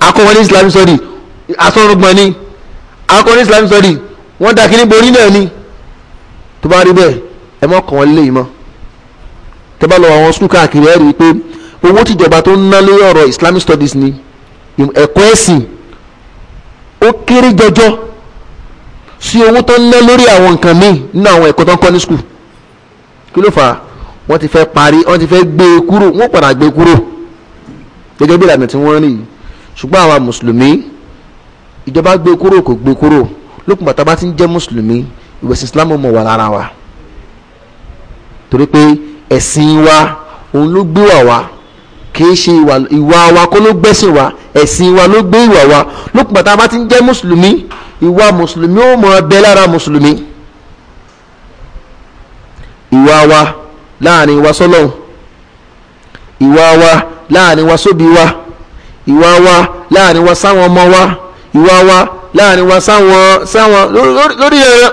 Speaker 1: akọ́ wọn ní islamic study asọ́rùngbọ̀n ni akọ́ ní islamic study wọ́n da kíní borí náà ni tó bá rí bẹ́ẹ̀ ẹ mọ́ kàn án léyìí mọ́ tẹ́ bá lọ àwọn skul káàkiri ẹ̀ rí i pé owó tíjọba tó ń ná lé ọ̀rọ̀ islamic studies ni ẹ̀kọ́ ẹ̀sìn ó kéré jọjọ sí owó tó ń ná lórí àwọn nǹkan míì nínú àwọn ẹ̀kọ́ tó ń kọ́ ní skul kí ló fà á wọ́n ti fẹ́ parí wọ́n ti fẹ́ gbé e kúrò wọ́n padà gbé e kúrò gẹ́gẹ́ bí ìlànà tí wọ́n rìn ṣùgbọ́n àwa mùsùlùmí ìjọba gbé e kúrò kò gbé e kúrò lókun bàtà bá ti ń jẹ́ mùsùlùmí ìwẹ̀sìn islam mọ̀ wà lára wa torí pé ẹ̀sìn wa òun ló gbé wà wá kìí ṣe ìwà wa kọ́ ló gbẹ́sìn wa ẹ̀sìn wa ló gbé ìwà wa lópin pàtàkì bá ti ń jẹ́ mùsùlùmí ìwà mùsùlùmí ó mọ ọbẹ̀ lára mùsùlùmí ìwà wa láàrin wa sọ́lọ́hun ìwà wa láàrin wa sóbi wa ìwà wa láàrin wa sáwọn ọmọ wa ìwà wa láàrin wa sáwọn sáwọn lórí ẹ̀rọ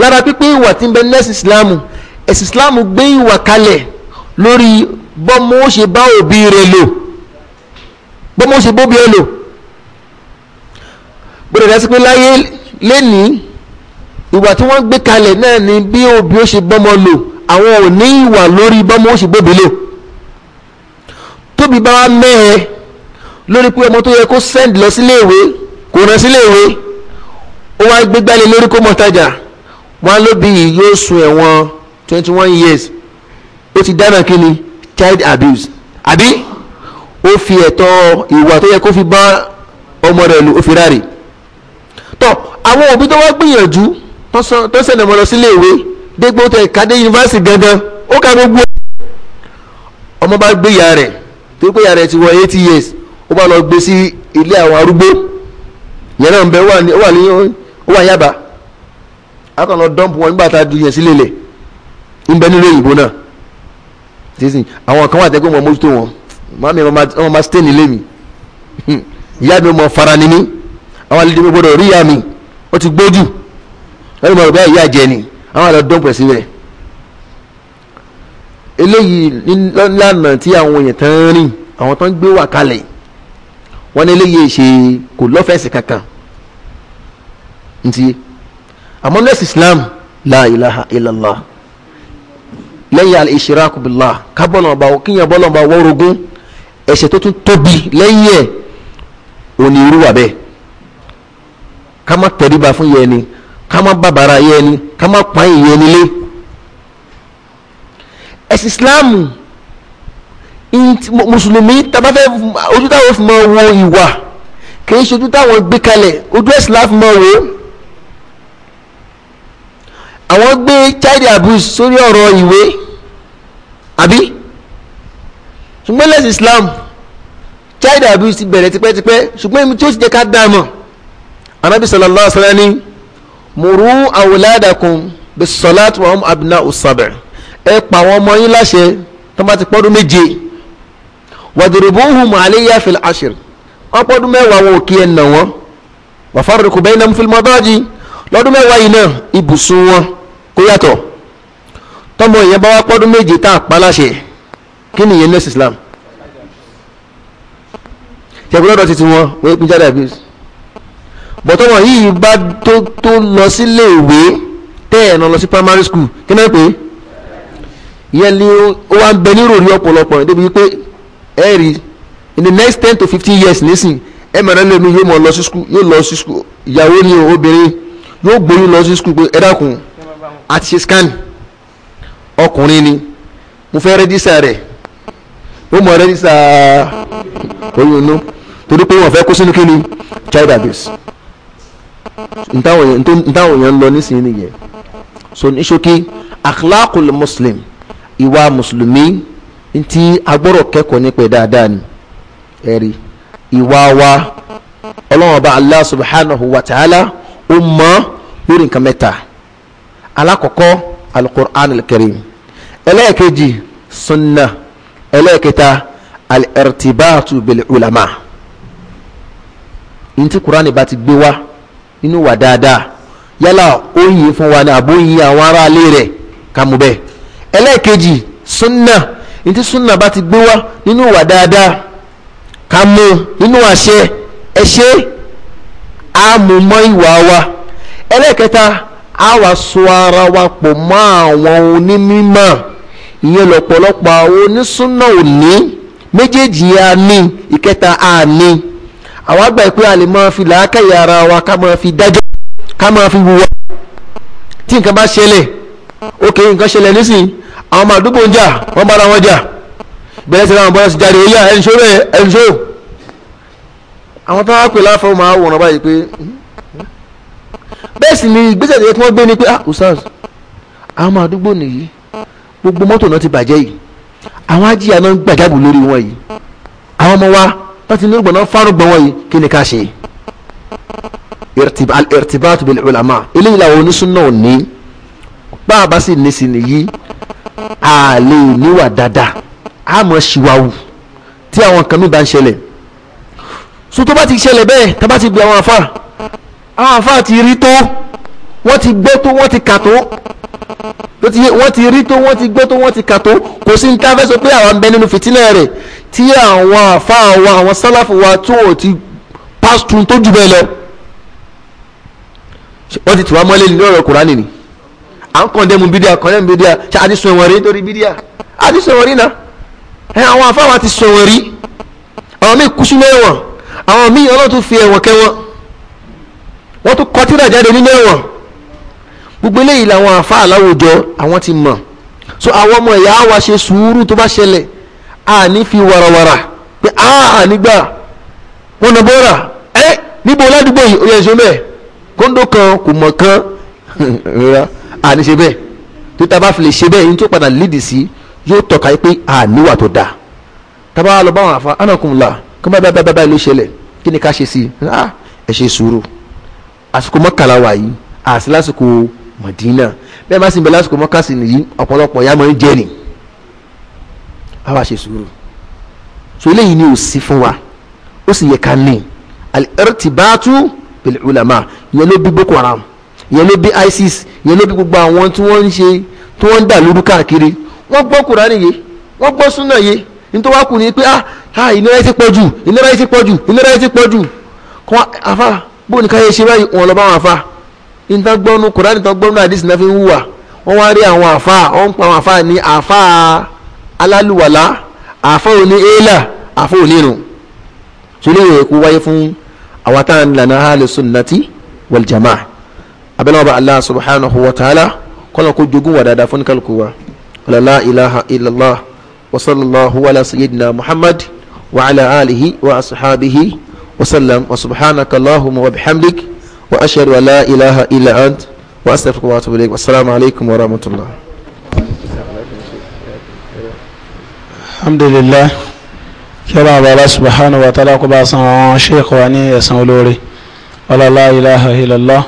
Speaker 1: lára pípín ìwà tí ń bẹ nẹ́ẹ̀sì ìsìláàmù ẹ̀sìn islam gbé ìwà kalẹ̀ lórí bọ́mọ ó ṣe bá òbí rẹ̀ lò bọ́mọ ó ṣe bóbi ẹ̀ lò gbọ́dọ̀ dá sí pé láyé lénìí ìwà tí wọ́n gbé kalẹ̀ náà ni bí òbí ó ṣe bọ́mọ lò àwọn ò ní ìwà lórí bọ́mọ ó ṣe bóbi lò tóbi bá wá mẹ́ẹ̀ lórí pé ọmọ tó yẹ kó send lọ síléèwé kò rán síléèwé ó wá gbégbálẹ̀ lórí kó mọ̀tajà wọn lóbi yìí yóò sun ẹ̀wọ̀n twenty one years ó ti dáná kí ni child abuse àbí ó fi ẹ̀tọ́ ìwà tó yẹ kó fi bá ọmọ rẹ̀ lò ó fi ráre tọ́ àwọn òbí tó wá gbìyànjú tó sẹ̀lẹ̀ mọ́ lọ sílé ìwé dégbò tẹ kàdé yunifásitì gangan ó ka gbogbo ọmọ bá gbé ìyá rẹ̀ tó gbé ìyá rẹ̀ ti wọ eighty years ó bá lọ gbé sí ilé àwọn arúgbó ìyẹn náà ń bẹ wà ní ó wà ní Yaba a kàn wọn nígbà tá a du yẹn sílé lẹ̀ nbẹ nílò òyìnbó náà sísìn àwọn kan wà tẹ́gbẹ́ mọ mójútó wọn màá mi wọn máa stay nílé mi hmm. ìyá mi mọ fara ni mí àwọn àlejò mi gbọdọ̀ rí ìyá mi ó ti gbójú wọ́n mọ̀ bẹ́ẹ̀ ìyá jẹ ni àwọn àlọ́ dọ́pẹ̀ síbẹ̀ eléyìí lánàá tí àwọn èèyàn tán rìn àwọn tán gbé wà kalẹ̀ wọ́n ní eléyìí ṣe kò lọ́fẹ̀ẹ́sì kankan ntí àmọ́ lẹ́sìn Islam la ilaha illallah lẹ́yìn al-ishraku billah kábọ̀nà ọba kíyàn bọ́nà ọba wọ́rogún ẹ̀ṣẹ̀ tó tún tóbi lẹ́yìn ẹ̀ òní irúwà bẹ́ẹ̀ ká má tẹríba fún yẹ ẹni ká má bàbàrà yẹ ẹni ká má pààyàn yẹ ẹni lé ẹ̀sìn islamu mùsùlùmí tabafẹ́ ojú táwọn fi máa wo ìwà kì í ṣe ojú gbé kalẹ̀ ojú ẹ̀sìn láfi máa wo àwọn gbé child abuse sórí ọ̀rọ̀ ìwé àbí ìgbélẹ̀sì Islam child abuse ti bẹ̀rẹ̀ tipẹ́tipẹ́ ṣùgbọ́n ibi tí ó ti jẹ́ ká dáàmọ̀ anábì sallallahu alaihi wasallam ni muru awladakum bis salat wa hum abna'u sab' ẹ pa àwọn ọmọ yín láṣẹ tó bá ti pọ́dún méje wadribuhum alayya fil ashr wọ́n pọ́dún mẹ́wàá wọn ò kí ẹ̀ nà wọ́n wa farriqu bainahum fil madaji lọ́dún mẹ́wàá yìí náà ibùsùn wọn kó yàtọ̀ tọ́mọ ìyẹn bá wá pọ́dún méje tá a pa láṣẹ kí ni ìyẹn nurse islam tẹ̀gbọ́n lọ́dọ̀ títí wọn wọ́n pín jáde àbí bọ̀tọ́mọ yìí bá tó lọ sílé ìwé tẹ́ lọ sí primary school kí náà pé ìyẹn ni ó wá ń bẹ nírò ní ọ̀pọ̀lọpọ̀ débi pé ẹ rí in the next ten to fifteen years nísìn ẹ mẹ̀rẹ̀ lẹ́nu yóò mọ̀ lọ sí school yóò lọ sí school ìyàwó ni obìnrin yóò gbóyún lọ sí skul pé ẹ àti scan ọkùnrin ni mo fẹ́ rẹ́díṣà rẹ̀ ó mọ rẹ́díṣà oyún inú torí pé wọ́n fẹ́ kó sínú kíni child abuse ntáwọn èèyàn ń lọ nísìnyí nìyẹn so ní ṣókí akhlaqul muslim ìwà mùsùlùmí ntí agbọ́rọ̀ kẹ́kọ̀ọ́ nípa ẹ̀ dáadáa ni ẹ̀rí ìwà wa ọlọ́wọ́n bá Allah subhanahu wa ta'ala ó mọ́ lórí nǹkan mẹ́ta alákọ̀ọ́kọ́ alukur'an alkarim ẹlẹ́ẹ̀kejì sunna ẹlẹ́ẹ̀kẹta alẹ́rìtìbáàtù bil ulama ní tí kur'an bá ti gbé wá nínú wà dáadáa yálà ó yìn fún wa ní àbóyìn àwọn aráalé rẹ̀ ká mú bẹ́ẹ̀ ẹlẹ́ẹ̀kejì sunna ní tí sunna bá ti gbé wá nínú wà dáadáa ká mú nínú àṣẹ ẹṣẹ àmúmọ́ ìwà wa ẹlẹ́ẹ̀kẹta a wà so ara wa pọ̀ mọ́ àwọn onímọ̀ ìyẹn lọ́pọ̀lọpọ̀ àwọn onísúnà òní méjèèjì a ní ìkẹta a ní àwọn àgbà pé a lè máa fi làákàyè ara wa ká máa fi dájọ́ ká máa fi wùwà tí nǹkan bá ṣẹlẹ̀ ókè nǹkan ṣẹlẹ̀ nísìnyí àwọn ọmọ àdúgbò ń jà wọ́n bára wọn jà bẹ̀rẹ̀ sí àwọn bọ́lá sí jáde oyá ẹnṣó rẹ̀ ẹnṣó àwọn tó pè láfọ́ máa wọ̀nà báyìí pé hmm bẹ́ẹ̀ sì ni ìgbésẹ̀ tí wọ́n gbé ni pé ah usaz àwọn àdúgbò nìyí gbogbo mọ́tò náà ti bàjẹ́ yìí àwọn ajíyà náà ń gbàjábù lórí wọn yìí àwọn ọmọ wa wọ́n ti nírúgbọ̀n náà fárúgbọ̀n wọn yìí kí ni ká ṣe al-irtibat bil ulama eléyìí làwọn onísúnà ò ní bá a bá sì ní sí nìyí a lè níwà dáadáa a mọ̀ ṣìwàwù tí àwọn kan mi bá ń ṣẹlẹ̀ so tó bá ti ṣẹlẹ̀ bẹ́ẹ̀ tá bá ti gbé àwọn afá àwọn àfáà ti rí tó wọ́n ti gbọ́ tó wọ́n ti kà tó wọ́n ti rí tó wọ́n ti gbọ́ tó wọ́n ti kà tó kò sí ní táfẹ́ sọ pé àwọn ń bẹ nínú fìtínà rẹ̀ tí àwọn àfáà wa àwọn sálàfù wa tó ò ti pásítù tó jù bẹ́ẹ̀ lọ wọ́n ti tìwá mọ́lé ní ọ̀rọ̀ kùránì ni à ń kọ́ndẹ́mu bídíà kọ́ndẹ́mu bídíà ṣe àdìsùn ẹ̀wọ̀n rí torí bídíà àdìsùn ẹ̀wọ̀n rí náà àwọn àfáà wa ti sùn ẹ̀wọ̀n rí àwọn míì kú wọ́n tún kọ tírà jáde nílé wọn gbogbo eléyìí làwọn àfáà láwùjọ àwọn ti mọ̀ so àwọn ọmọ ìyá wa ṣe sùúrù tó bá ṣẹlẹ̀ àní fi wàràwàrà pé ànígbà wọn nà bọ́ra ẹ níbo ládùúgbò yìí ó yẹ ṣe bẹ́ẹ̀ kóńdó kan kò mọ̀ kan rárá àní ṣe bẹ́ẹ̀ tó tá a bá fi lè ṣe bẹ́ẹ̀ yín tó padà lédìí sí yóò tọ́ka pé àníwà tó dáa tábà lọ báwọn àfa ánàkùnlá kí bá bá bá bá ló ṣẹlẹ̀ kí ni ká ṣe sí ẹ ṣe sùúrù àsìkò mọ́kànlá wà yìí àti lásìkò mọ̀dínà bẹ́ẹ̀ má sì ń bẹ lásìkò mọ́kàsí nìyí ọ̀pọ̀lọpọ̀ ya máa ń jẹ́ ni a wá ṣe sùúrù so eléyìí ni ò sí fún wa ó sì yẹ ká ní al-irtibatu bil ulama ìyẹn ló bí boko haram ìyẹn ló bí isis ìyẹn ló bí gbogbo àwọn tí wọ́n ń ṣe tí wọ́n ń dà lóru káàkiri wọ́n gbọ́ kùránì yé wọ́n gbọ́ súnà yé nítorí wá kù ní pé ah, ah ìnira yìí ti pọ̀ ìnira yìí ti pọ̀ ìnira yìí ti pọ̀ kọ́ afárá bó ní káyé ṣe báyìí wọn lọ bá wọn àfa níta gbọ́nú kùránì tó gbọ́nú àdìsí náà fi ń wùwà wọ́n wá rí àwọn àfa wọ́n ń pa àwọn àfa ní àfa alálùwàlá àfa òní éèlà àfa òní irun sórí ìwé kó wáyé fún àwọn táwọn ìlànà ahlu sunnati wal jamaa abẹ́lẹ́ ọba allah subhanahu wa ta'ala kọ́nà kó jogún wà dáadáa fún kálukú wa la ilaha illallah wa sallallahu ala sayyidina muhammad wa ala alihi wa ashabihi. وسلم وسبحانك اللهم وبحمدك وأشهد أن لا إله إلا أنت وأستغفرك وأتوب إليك والسلام عليكم ورحمة الله الحمد لله كما الله سبحانه وتعالى قبا سان شيخ واني سان لوري ولا لا إله إلا الله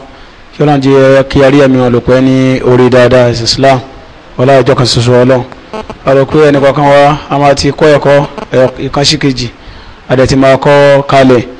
Speaker 1: كما جي كياري من لوكاني أريد هذا الإسلام ولا جوك سسولون alòkúrò ẹnì kọ̀ọ̀kan wa a máa ti kọ́ ẹ̀kọ́ ìkànsíkejì